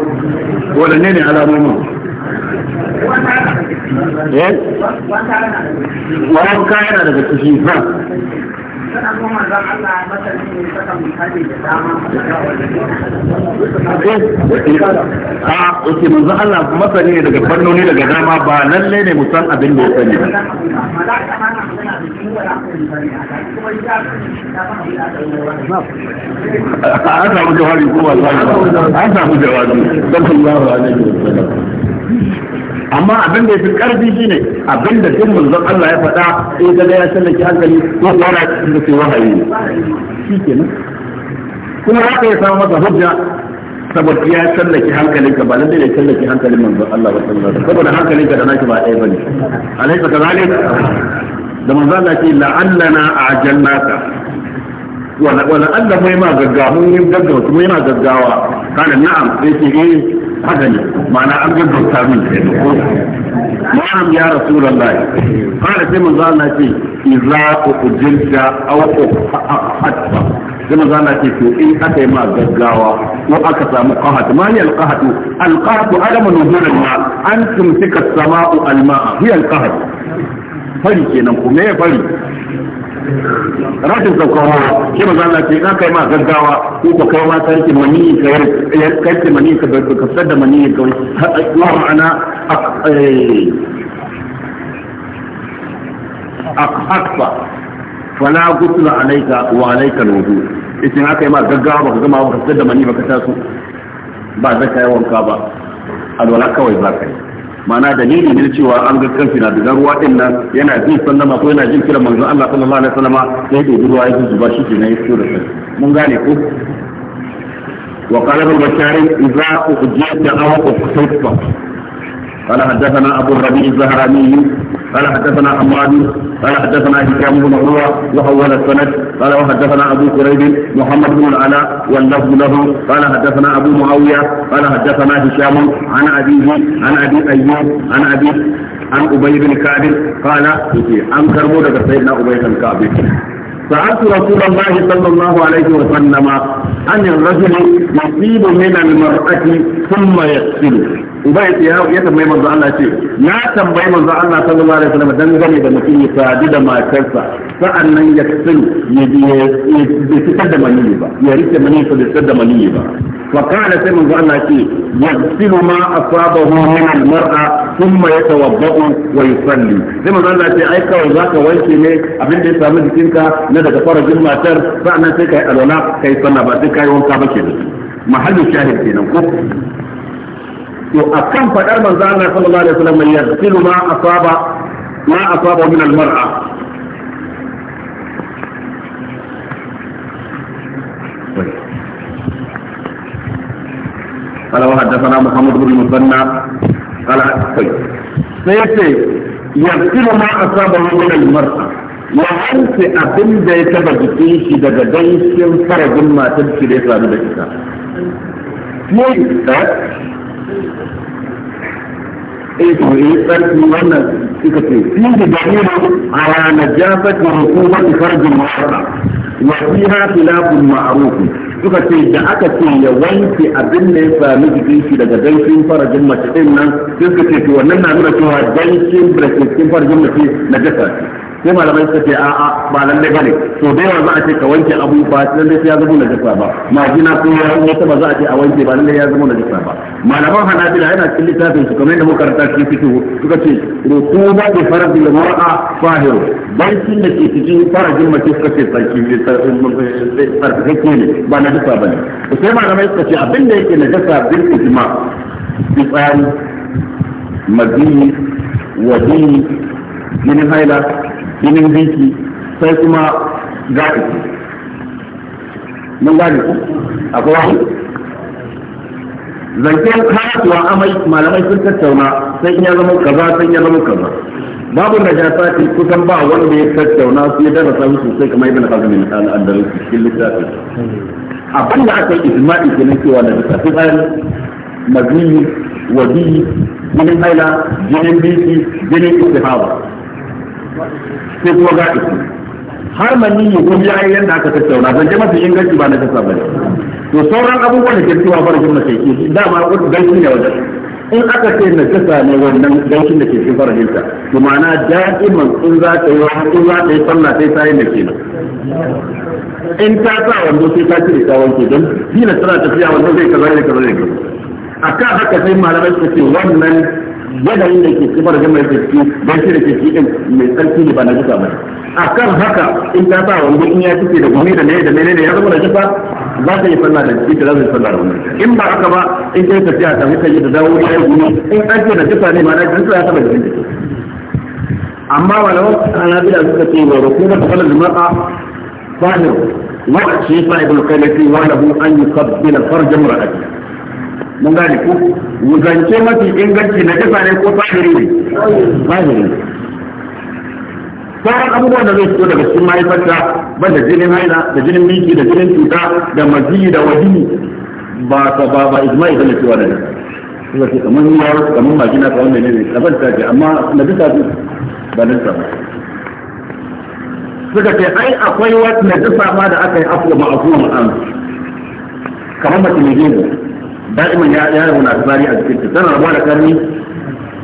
wadanne ne alamomin eh? wanka yana daga cikin ha a oke manzo Allah masani ne daga fannoni daga dama ba lalle ne musan abin da ya sani an samu jawabi ko samu jawabi sallallahu alaihi wasallam amma abin da ya fi karfi shine abin da duk manzon Allah ya faɗa in ga ya sallake hankali ko fara cikin da ke wahayi shikenan kuma haka ya samu masa hujja saboda ya sallake hankalinka ba lalle ne sallake hankalin manzon Allah ba sallallahu alaihi saboda hankalinka da naki ba ɗaya bane alaika kazalik da manzon Allah ce la'allana ajalnaka wala wala Allah mai ma gaggawa mun gaggawa kuma yana gaggawa kana na'am sai ce eh haka ne ma'ana an gaggauta min kenan ko na'am ya rasulullahi kana sai manzo Allah ce idza uqjilta aw uqhatta sai manzo Allah ce to in aka yi ma gaggawa ko aka samu qahat ma ya alqahat alqahat adamu nuzul alma an tumsika as-sama'u alma'a hiya alqahat fari kenan kuma ya fari rashin saukowa shi ba za ce na kai ma gaggawa ko ka kai ma sarki mani ka yar eh, sarki mani ka ka sadda mani ka wa ma'ana akfa eh, fala gusla alayka wa alayka alwudu idan aka yi ma gaggawa ka gama baka sadda mani ba ta su, ba zaka yi wanka ba alwala kawai za ka yi ma'ana dalili ne cewa an ga kanfi na daga ruwa din nan yana jin sallama ko yana jin kiran manzon Allah sallallahu alaihi wasallama sai da ruwa ya zuba shi kenan ya fito da sai mun gane ko wa qala bil bashari idza ujita aw uqtifa قال حدثنا أبو الربيع الزهراني قال حدثنا حماد قال حدثنا هشام بن عروة وحول السند قال وحدثنا أبو كريب محمد بن العلاء واللفظ له قال حدثنا أبو معاوية قال حدثنا هشام عن أبيه عن أبي أيوب عن أبي عن أبي بن كعب قال عن كربو سيدنا أبي بن كعب سألت رسول الله صلى الله عليه وسلم أن الرجل يصيب من المرأة ثم يقتل وبعد يا يتم ما يمضى الله شيء ما تم ما يمضى الله صلى الله عليه وسلم دم جني دم كي يصادد ما كرسا فأنا يقتل يدي يتسد ما نيبا يريد ما نيبا يتسد ما نيبا فقال سيد الله شيء يقتل ما أصابه من المرأة ثم يتوضأ ويصلي زي ما قال لك ايكا وذاك وانت ني ابين دي سامي ديكينكا ندى كفارة جمعة تر فأنا سيكا الولاء كي صلى بعدك يوم كابك محل الشاهد كينا مكوك تو أكام فأر زالنا صلى الله عليه وسلم يغسل ما أصاب ما أصاب من المرأة قال وحدثنا محمد بن المثنى قال أكفي سيأتي يغسل ما أصابه من المرأة وأنت أبن دا يتبجتين شد دجيش فرج ما تبشي لإسلام الإسلام ايه ايه فرق مغنى كتير دليل على نجابة وحكومة فرج المرأة وفيها خلاف معروف suka ce da aka ce ya wanke abin da ya sami jikin shi daga dankin farajin mace ɗin nan sai suka ce to wannan na nuna cewa danshin da ke cikin farajin mace na jasa sai malamai suka ce a'a ba lalle bane to da yawa za a ce ka wanke abu ba lalle sai ya zama najasa ba majina ko ya wata ba za a ce a wanke ba lalle ya zama najasa ba malaman hanabila yana cikin littafin su kamar yadda muka karanta cikin fitu suka ce ba da faradi da mar'a fahiru bankin da ke cikin farajin mace suka ce sarki ne sarki ne ba ba ne sai malamai suka ce abin da yake najasa bin ijma fitsari madini wadini jinin haila jinin biki sai kuma gaɗi mun gaɗi ku kowa ne zancen kasuwa amai malamai sun tattauna sai in ya zama kaza sai ya zama kaza babu najasati kusan ba wanda ya tattauna su ya darasa su sosai kamar ibn hazm min al-andalus cikin littafi abin da aka yi ijma'i kenan cewa da littafin ayyuka mazini wadi jinin haila jinin biki jinin hawa. ko kuma gaɗi har manni ne ko ya yi yadda aka tattauna zan je mafi inganci ba na kasa ba to sauran abubuwan da ke cewa ba da sai ke dama wani gaishe ne wajen in aka ce na kasa ne wannan gaishi da ke cikin farashin to ma'ana da'iman in za ta yi in za ta yi sallah sai ta yi da ke in ta sa wando sai ta cire ta ke don dina tana tafiya wando zai kaza ne kaza ne kaza akan haka sai malamai suka ce wannan yanayin da ke sifar da mai tsarki don shi da ke shi mai tsarki ne ba na jika ba a kan haka in ta sa wanda in ya cike da gumi da ne da ne ya zama da jika za ta yi sallah da jiki za ta yi sallah da wani in ba haka ba in kai tafiya a muka yi da dawo ya yi gumi in an ce da jika ne ma na jika ya saba da jiki amma malaman hanabila suka ce wa rukunar kalar jama'a fahim wa a shi sa ibn kalafi wa lahu an yi yusabbila farjan ra'ayi mun gane ku zance mafi inganci na jasa ne ko fahiri ne fahiri ne sauran abubuwan da zai fito daga cikin mahaifarta ban da jinin haina da jinin miki da jinin cuta da mazi da wahimi ba ta ba ba ijma'i da cewa da ne suka ce kamar yaro kamar magina kamar mene ne kafar ta ce amma na bisa su ba nan ta suka ce ai akwai wata na bisa ma da aka yi afuwa ma'afuwa ma'amu kamar mace mai gina da'iman ya ya rabu na a jikin ta tana rabuwa da karni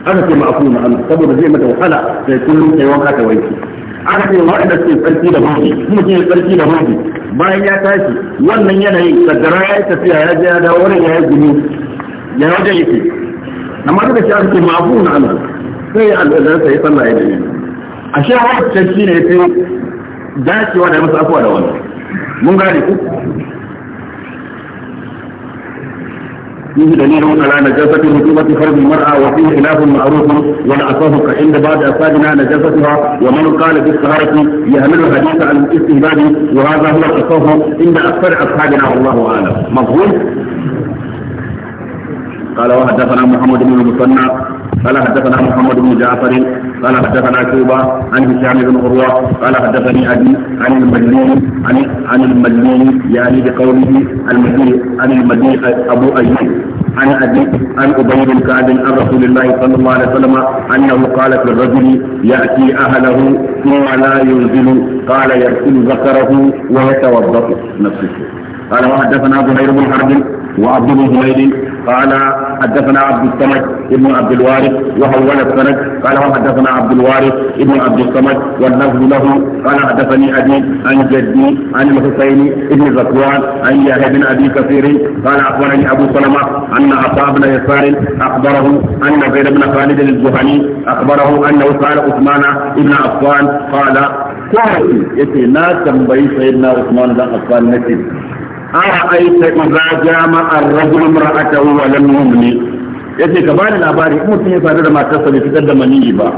aka ce ma'afu na an saboda zai mata wahala sai kullum sai wanka ta wanki aka ce wa'anda suke tsarki da hoji kuma ke tsarki da hoji bayan ya tashi wannan yanayin kaddara ya yi tafiya ya je ya wurin ya yi gumi ya wajen yake amma duka shi aka ce ma'afu na an sai ya al'adarsa ya sallah ya dame a shi a wata shi ne sai dacewa da masu afuwa da wannan mun gane ku فيه دليل على نجاسة رطوبة فرد المرأة وفيه خلاف معروف والأصح عند بعض أصحابنا نجاستها ومن قال في بالطهارة يهمل الحديث عن الاستهباب وهذا هو الأصح عند أكثر أصحابنا والله أعلم مفهوم؟ قال وحدثنا محمد بن المثنى قال حدثنا محمد بن جعفر قال حدثنا توبة عن هشام بن عروة قال حدثني أبي عن المجنون عن عن المجنون يعني بقوله المجنون عن المجنون أبو أيوب عن أبي عن أبي بن كعب عن رسول الله صلى الله عليه وسلم أنه قال في الرجل يأتي أهله ثم لا ينزل قال يرسل ذكره ويتوضأ نفسه قال وحدثنا زهير بن حرب وعبد بن زهير قال حدثنا عبد الصمد ابن عبد الوارث وهو السند قال وحدثنا عبد الوارث ابن عبد الصمد واللفظ له قال حدثني ابي عن جدي عن الحسين ابن زكوان عن يحيى بن ابي كثير قال اخبرني ابو سلمه ان عطاء بن يسار اخبره ان زيد بن خالد الجهني اخبره انه قال عثمان ابن عفان قال كويس يتي لا تنبئي سيدنا عثمان بن عفان نتي ha ai sai man raja ma ar-rajul imra'atahu wa lam yumni yace ka bani labari in mutum ya faru da matar sa bai fitar da maniyi ba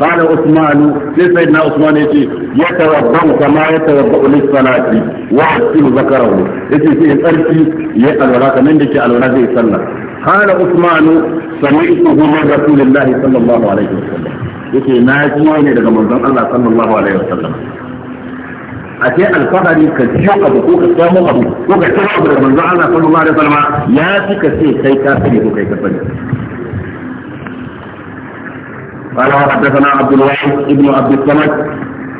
qala usman sai sai na usman yace ya tawabban kama ya tawabba ulil salati wa asil zakarahu yace sai tsarki ya alwala kamar da ke alwala zai sallah qala usman sami'tuhu min rasulillahi sallallahu alaihi wasallam yace na ji ne daga manzon Allah sallallahu alaihi wasallam أتي القبر alfahari ka ciyo abu ko ka samu abu ko صلى الله عليه وسلم لا Allah sallallahu alaihi wasallam ya fi قال حدثنا عبد الواحد ابن عبد الصمد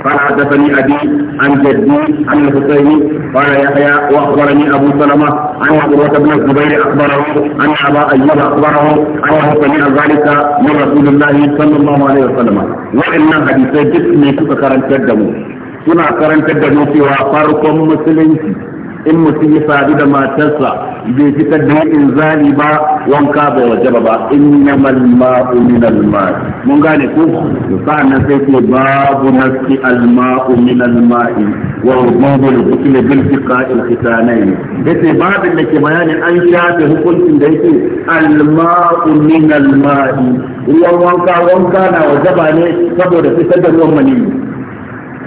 قال حدثني ابي عن جدي عن الحسين قال يحيى واخبرني ابو سلمه عن عروه بن الزبير اخبره عن ابا ايوب اخبره انه سمع ذلك من رسول الله صلى الله عليه وسلم وان حديثي جسمي تذكر الجدم suna karantar da mu cewa farkon musulunci in mutum ya sadu da matarsa bai fitar da inzali ba wanka bai wajaba ba innamal ma'u min al-ma'i mun gane ko sa'annan sai ce babu nasi alma mau min al-ma'i wa rububul bukli bil fiqa'i al-khitanayn yace babin da ke bayanin an shafe hukuncin da yake al-ma'u min al ruwan wanka wanka na wajaba ne saboda fitar da ruwan maniyi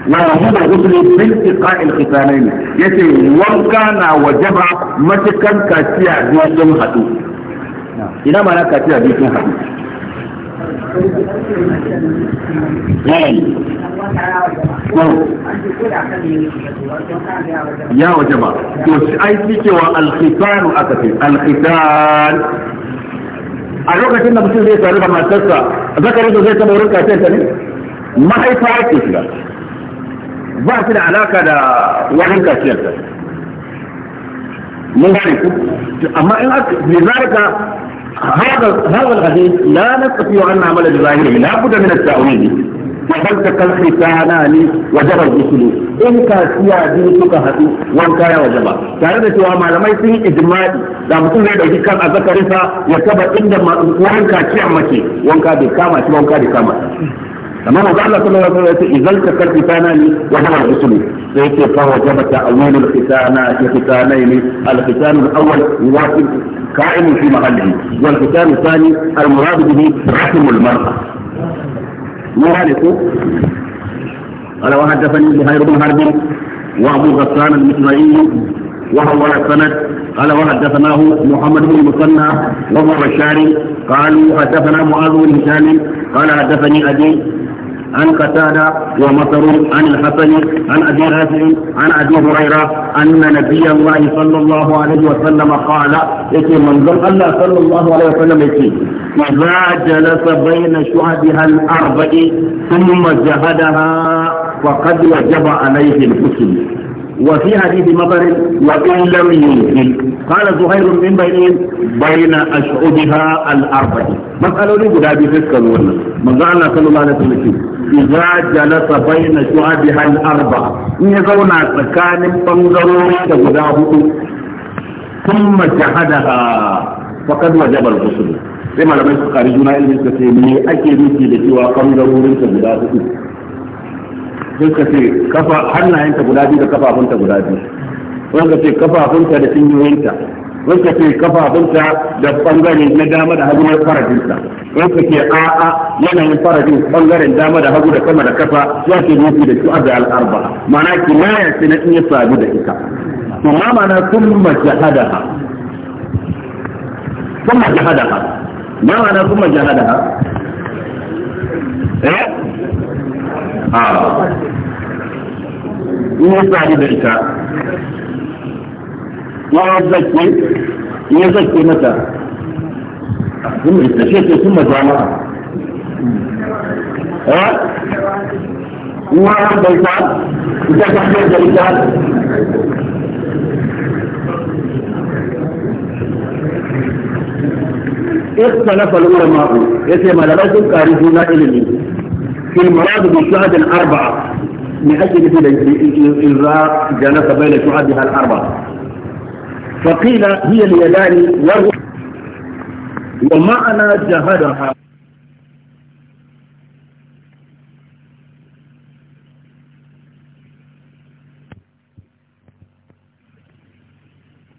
ووجوب الغسل بالتقاء الختانين يتي وانكا نا وجبا متكن كاتيا بيسن حدو ina ma na kaciya biyu sun haɗu ya waje ba to shi ai a lokacin da mutum zai faru da matarsa zakarin da zai taɓa wurin kafin ne mahaifa ake shiga ba su da alaka da wajen kaciyarsa mun gane ku amma in aka lizarika هذا الحديث لا نستطيع أن نعمل بظاهره لا بد من التأويل وهل تكلفتانان وجب In ka siya دي suka haɗu wanka ya wajaba tare da cewa malamai sun yi ijma'i da mutum zai dauki kan azzakarinsa ya taba inda wanka kaciyar mace wanka bai kama shi wanka bai kama shi amma manzo Allah sallallahu alaihi wasallam idan ka karbi tana ni wa huwa al-usli sai yake al قائم في محله والختان الثاني المراد به رحم المرأة ذلك قال وحدثني زهير بن حرب وابو غسان المصري وهو السند قال وحدثناه محمد بن مصنع وابو بشار قالوا حدثنا معاذ بن هشام قال حدثني ابي عن قتادة ومطر عن الحسن عن أبي رافع عن أبي هريرة أن نبي الله صلى الله عليه وسلم قال يكي منظر ألا صلى الله عليه وسلم يكي إذا جلس بين شهدها الأربع ثم جهدها فقد وجب عليه الحسن وفي حديث مطر وإن لم يمكن قال زهير من بينهم بين أشعبها الأربع مسألة لي قد أبي فسك من قال صلى الله عليه وسلم إذا جلس بين شعبها الأربع يزون سكان فانظروا تقداه ثم شهدها فقد وجب الغسل sai malamai su kari juna ilimin suka ce me ake nufi da cewa ɓangarorin ta guda hudu sai ka ce kafa hannayenta guda biyu da kafafunta guda biyu wanda ce kafafunta da cinyoyinta wanda ce kafafunta da bangare na dama da hagu na farajinta wanda ce a'a yanayin farajin bangaren dama da hagu da sama da kafa ya ce nufi da su'ar da al'arba ma'ana kinaya ce na iya sabu da ita ma ma'ana sun majahadaha sun majahadaha ma'ana sun majahadaha eh ah. in ya sadu da ita ya zake ya zake mata kuma ita ce ce kuma jama'a ما بيتان إذا تحدث بيتان اختلف العلماء يتم لبس كارثون علمي في المراد بالشهد الأربعة من أجل الإلغاء جلس بين شعبها الأربعة فقيل هي اليدان والروح ومعنى جهدها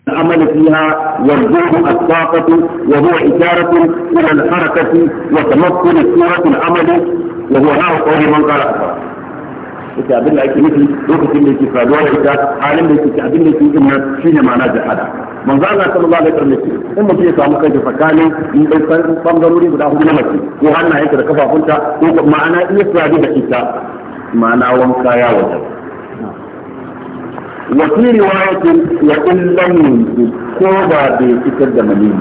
العمل فيها والجهد الطاقة وهو إشارة إلى الحركة وتمثل صورة العمل وهو لا قول من قال أكبر ita abin da ake nufi lokacin da yake faruwa da ita halin da yake abin da yake yin nan shine ma'ana jihada manzo Allah sallallahu alaihi wasallam ce in mutum ya samu kai tsakanin in dai san bangarori guda hudu na mace ko hannayenka da kafafunta ko ma'ana iya sadu da ita ma'ana wanka ya wajen وفي رواية وإن لم يجد da بكتاب منين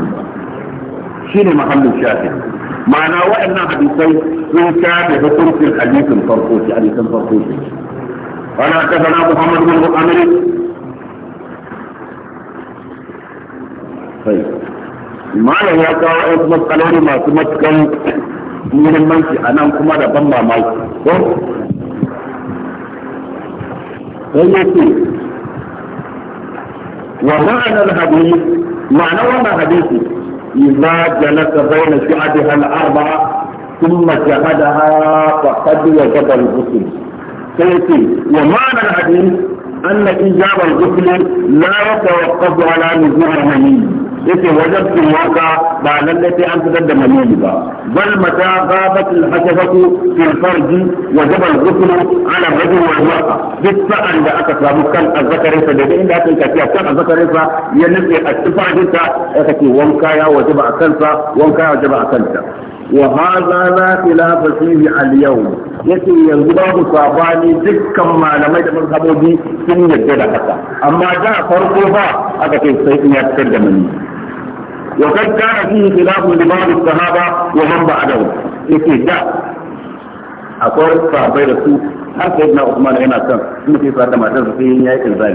شنو محل الشاهد ma'ana waɗannan hadisai sun shafe hukuncin hadisin farko shi hadisin farko shi wani kasana muhammad bin muhammad malam ya kawo wasu matsaloli masu matukan muhimmanci a nan kuma da ban mamaki ko sai ya ce wa ma'anar hadisi ma'anar wannan hadisi إذا جلس بين شعبها الأربعة ثم جهدها فقد وجب الغسل سيأتي ومعنى الحديث أن إجابة الغسل لا يتوقف على نزول المنين. yake wajabtin waka ba lalle sai an fitar da maniyyi ba bal mata babat al-hasafatu fil farji wajaba al-ghusl ala rajul wal mar'a duk sa'an da aka samu kan azzakarin sa daga inda aka tafiya kan azzakarin sa ya nufi a tufafin sa aka ce wanka ya wajaba a kansa wanka ya wajaba a kansa wa hadha la khilafa fihi al-yawm yace yanzu babu sabani dukkan malamai da mazhabobi sun yadda da haka amma da farko ba aka ce sai in ya fitar da maniyyi wa كان فيه خلاف khilafun li ba'd as-sahaba wa man ba'dahu yake da akwai sahabbai da su har sai na yana kan in sa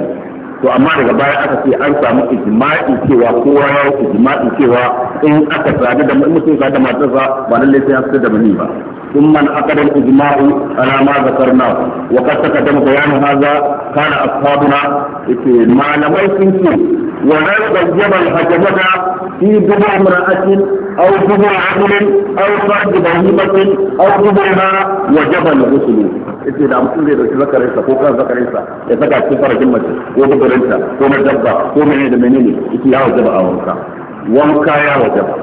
to amma daga baya aka ce an samu ijma'i cewa kowa ya yi ijma'i cewa in aka sadu da mutum sadu da matarsa ba lallai sai an da mani ba ثم انعقد الاجماع على ما ذكرناه وقد تقدم بيان هذا كان اصحابنا ما sun ومن قيم الحجمة في بضع امرأة أو بضع عمل أو فرد بهيمة أو بضعها وجب الغسل yace da mutum zai dauki zakarinsa ko kan zakarinsa ya saka cikin farajin mace ko bugurinsa ko mai dabba ko mai da menene yake ya wajaba a wanka wanka ya wajaba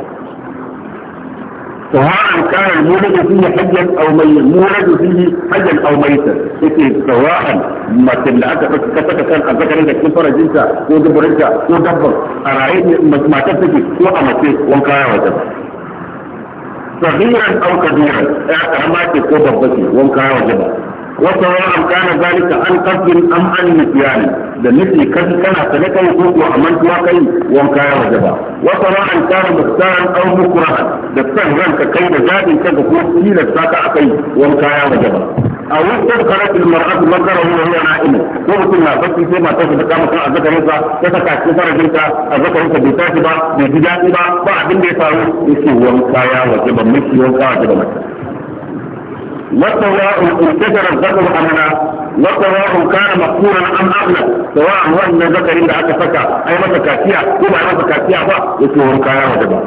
سواء كان المولد فيه حجا او ميتا مولد فيه حجا او ميتا سواء ما تملأك كتك كان أذكر إذا كفر جنسا ودبر إنسا ودبر أرأيه ما تفتك هو أمسيه وانكايا وجب صغيرا أو كبيرا اعتماتك ودبتي وانكايا وجبا وسواء كان ذلك عن قصد ام عن نسيان لمثل كذب كان سلك وقوف وعمل واقعي وانكا وجبا وسواء كان مختارا او مكرها لتسهر انك كي نزاد انك وقوف في لساك اقعي وانكا وجبا او استدخلت المرأة المكرة وهي نائمة وقلت لها بس في ما تصل بك مصر ازاك نسا تسكى كفر جنسا ازاك نسا بيتاسبا بيتجاسبا بعد اللي صاروا اسي وانكا وجبا مشي وانكا وجبا وسواء انتشر الذكر ام لا وسواء كان مقصورا ام اغلى سواء هو ان ذكر الا aka saka اي masa كاسيا كما ba كاسيا با ba yake wani kaya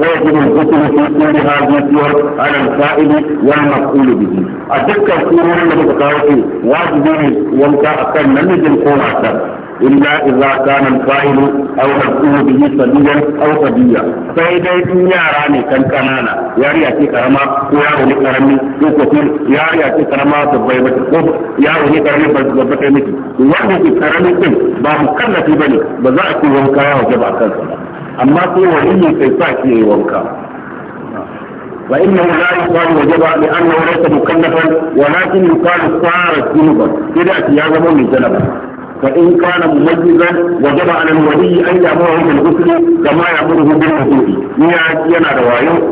ويجب الغسل في كل هذه الصور على الفائل والمسؤول به. أتذكر صورة اللي بتقاوتي واجبين وانت أكثر من اكثر إلا إذا كان الفاعل أو تكون به صبيا أو صبيا فإذا يا راني كان كنانا يا رياتي كرما يا روني كرمي يكفر يا رياتي كرما تبايبة الكب يا روني كرمي بزبطة مكي وحدي في كرمي كم با مكلف بني بزاك وانكا وجب أكل أما في ولي سيساكي وانكا وإنه لا يقال وجب لأنه ليس مكلفا ولكن يقال صار ذنوبا كده يا زمان الجنبه فإن كان مميزا وجب على الولي أن يأمره بالغسل كما يأمره بالغسل يا أنا رواية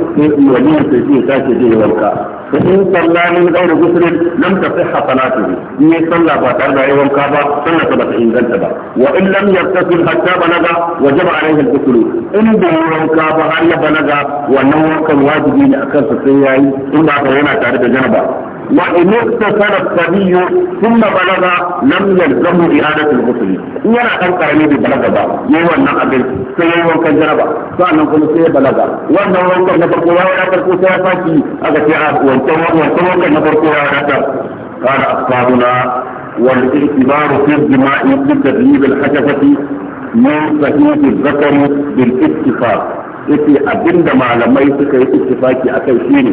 ولي في تاكي دي والكا فإن صلى من غير غسل لم تصح صلاته إن صلى فترد أي والكا صلى فبت إن ذنب وإن لم يغتسل حتى بلغ وجب عليه الغسل إن دور والكا هل بلغ وأنه كان واجبين أكثر سيئين إن بعد غيرنا تعرف جنبا وإن اغتسل الصبي ثم بلغ لم يلزمه إعادة الغسل إن أنا كان كرمي ببلغ با يوان نقبل سيوان كان جنبا فأنا كل سي بلغ وأنا وانت نفرقوا وأنا فرقوا سيفاتي أغتي عاد وانت وانت نفرقوا وأنا قال أصحابنا والاعتبار في الدماء في تدريب الحجفة من صحيح الذكر بالاتفاق. إذا أبن malamai suka يتكي اتفاقي akan shi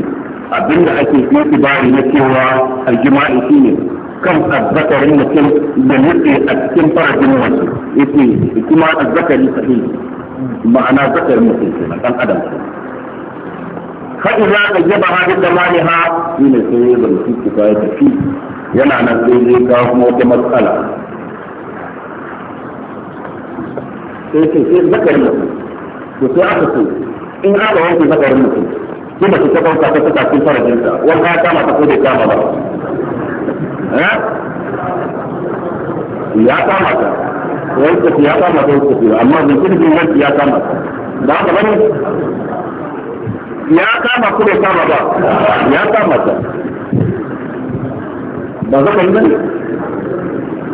abinda ake itibari na cewa aljima'i ne kan azzakarin mutum da nutse a cikin farajin mace yake kuma azzakari sahihi ma'ana zakarin mutum kenan dan adam ka da فإذا ha بكمالها من سيد الرسول كفاية فيه ينا نزيل كاف yana nan sai kuma matsala sai sai zakarin mutum to sai aka so in aka wanke zakarin mutum sai su ta kwanta ta saka cikin farajinta wanda ya kama ta ko bai kama ba eh? ya kama ta wani tafi ya kama ta wani tafi amma bai kiri bin wani ya kama ta da ka bani ya kama ko kama ba ya kama ta ba zaka yi bane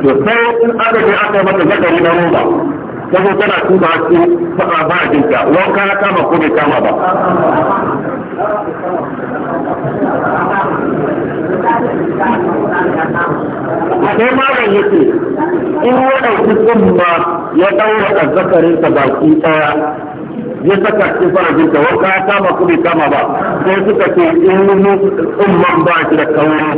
to sai in aka je aka yi mata yi na roba ta zo tana tuba su faɗa ba jinta wanka kama ko kama ba sai malam ya ce in ya ɗauki tsumma ya ɗaura baki ɗaya ya saka cikin farajin ta wanka ya kama ku bai kama ba sai suka ce in mu in man ba shi da kauri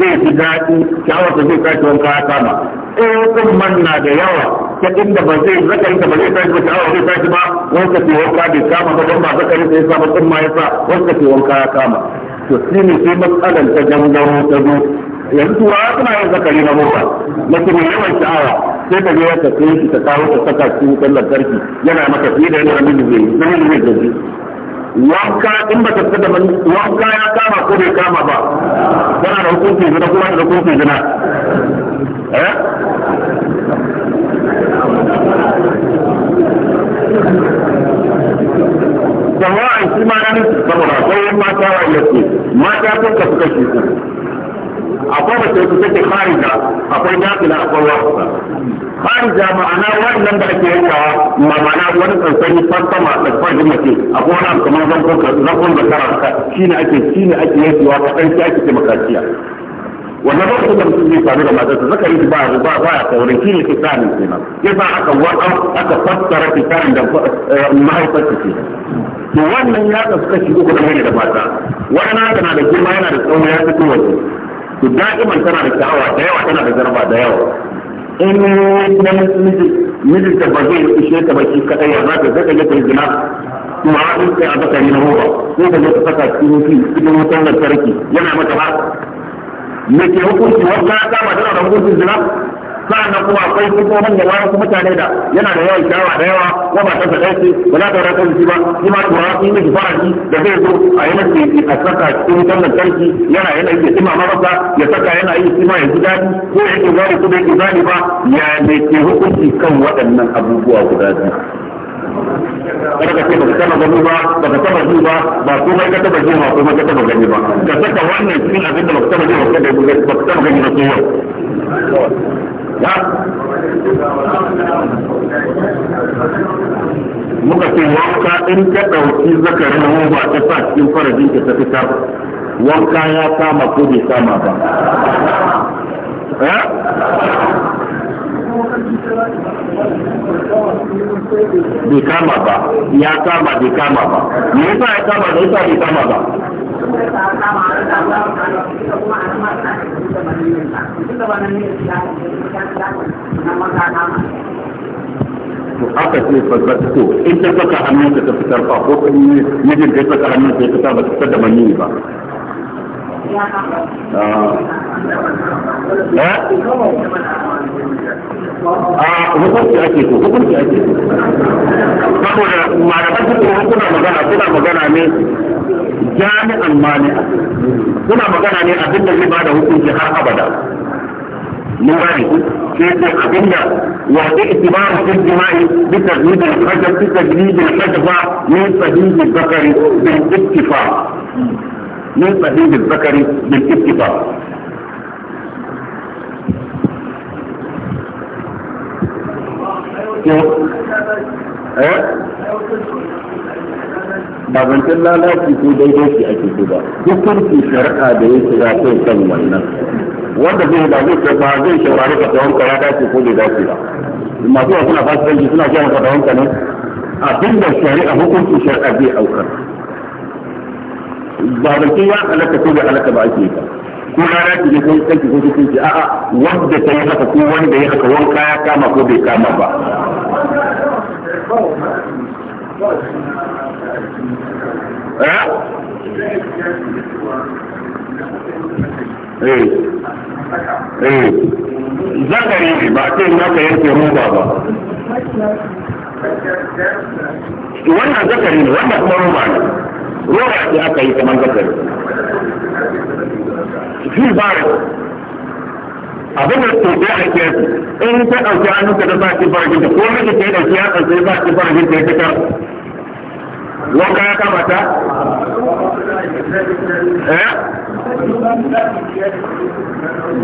zai ji daɗi kyawar ta zai kashi wanka ya kama eh, in kun man na da yawa ta inda ba zai zakarin ta ba zai tashi ba kyawar zai tashi ba wanka ce wanka bai kama ba don ba zakarin ta ya sa ba umma ya sa wanka ce wanka ya kama to shi ne sai matsalar ta gangaro ta zo yanzu turawa suna yin zakari na mota mace mai yawan sha'awa sai ka je ya tafi shi ta kawo ta saka shi wutar lantarki yana maka fiye da yana mini zai nan zai gaji wanka in ba ta fi da wanka ya kama ko bai kama ba yana da hukunci zina kuma da hukunci zina eh jama'a shi ma ganin saboda akwai mata wa ce, mata sun ka kashi su. akwai wata su take kharija akwai dakila akwai wasa kharija ma'ana wannan da ake yi ma ma'ana wani tsantsani fasama da fadi mace akwai wani abu kamar zan zankon zan da kara shine ake shine ake yi wa kadan shi ake taimakaciya wannan ba su da mutum zai faru da matarsa zaka yi ba ba ba ya saurin shi ne kisanin kenan yasa aka wada aka fassara kisanin da eh, mahaifarsa ke to wannan ya suka uku da mai da mata wani na da girma yana da tsawon ya fito waje to da'iman tana da sha'awa da yawa tana da zarba da yawa in na mijin da ba zai ishe ta ba shi kadai ya zaka zaka ga kai zina kuma in kai abakari na hoba ko ka zo ka saka cikin fi cikin wutan lantarki yana mata ba me ke hukunci wannan ya kama tana da hukuncin zina sa'annan kuma akwai fito man da wasu mutane da yana da yawan shawa da yawa ko ba ta sadai ce ba za ta rasa shi ba shi ma yi da zai zo a yi mace a saka cikin wutar lantarki yana yana yi ima marasa ya saka yana yi shi ma ya ji daɗi ko ya ke ko bai yake ba ya ne ke hukunci kan waɗannan abubuwa guda biyu kada ce baka taba gani ba baka taba ji ba ba ko mai ka taba ji ba ko mai ka taba gani ba ka saka wannan cikin abin da baka taba ji ba ka taba gani ba ko yau muka ce wanka in ka ɗauki zakarin ba ta sa cikin farajin ka ta fitar wanka ya kama ko bai kama ba eh? bai kama ba ya kama bai kama ba me yasa ya kama da yasa bai kama ba haka ce fasfasa to in ta saka hannunta ta fitar fa ko kuma mijin ta saka hannunta ya fitar ba ta fitar da maniyyi ba a ah. eh? ah, hukunci ake so hukunci ake so saboda malaman suke magana suna magana ne jami'an mani'a kuna magana ne abin da zai ba da hukunci har abada mun gane ku sai ce abin da wa ta itibaru fil jima'i bi tajrid al hajj bi tajrid al hajj fa min sahih al bakari bil ittifaq min sahih al bakari bil ittifaq eh ba zancen lalaci ko daidaici ake so ba hukunci shari'a da ya shiga kai kan wannan wanda zai da zai ce ba zai shaurari ka tawon ka ya dace ko bai dace ba masu wasu na fasikanci suna kiyan ka tawon ka ne abin da shari'a hukunci shari'a zai aukar ba zancen ya halatta ko bai halatta ba ake ba. ko rana ki ne kai kanki ko kai ki a'a wanda ta yi haka ko wanda ya haka wanka ya kama ko bai kama ba Eh, eh, zakari ba ce na ka yanke roba ba wannan zakari ne wannan kuma roba ne roba ce aka yi kamar zakari fi bare abin da ke da ake in ta ɗauki hannunka da ba ki farajinta ko rage ke ɗauki hannunka da ba ki farajinta ya fitar wanka ya kamata eh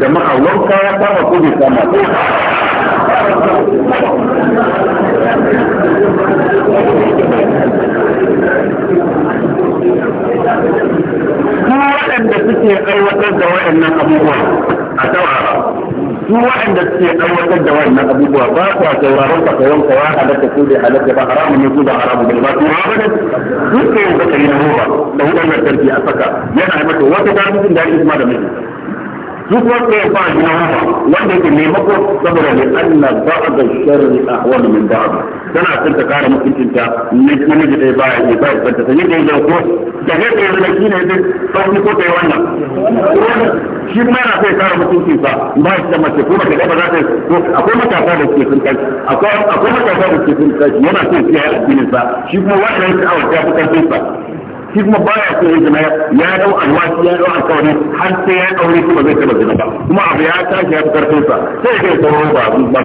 jama'a wanka ya kama ko bai Kuma waɗanda suke aiwatar da waɗannan abubuwa a taurara, su waɗanda suke aiwatar da waɗannan abubuwa ba su a tauraron fakayon kawa halatta ko da halatta ba haramun ne ko ba haramun ne ba su ma ba ne duk da yau da kari na roba da waɗannan tarki a saka yana haifar da wata garbin da ya kuma da miji. duk wanda ya fara gina haka wanda yake maimako saboda ne Allah ba'da a ahwal min ba'd tana son ta kare mutuncin ne namiji ya ba ya ba ta ta ne da ko da ne da ne shine dai sai ko ta wannan shi kuma yana sai kare mutuncin ba shi da mace ko mace da ba za ta ko akwai matasa da ke sun kai akwai matasa da ke sun kai yana son ya addinin sa shi kuma wannan sha'awar ta fi karfin shi kuma baya so ya zina ya dau alwashi ya dau alkawari har sai ya aure shi ba zai taba zina ba kuma abu ya tashi ya fi karfin sa sai ya kai sauran ba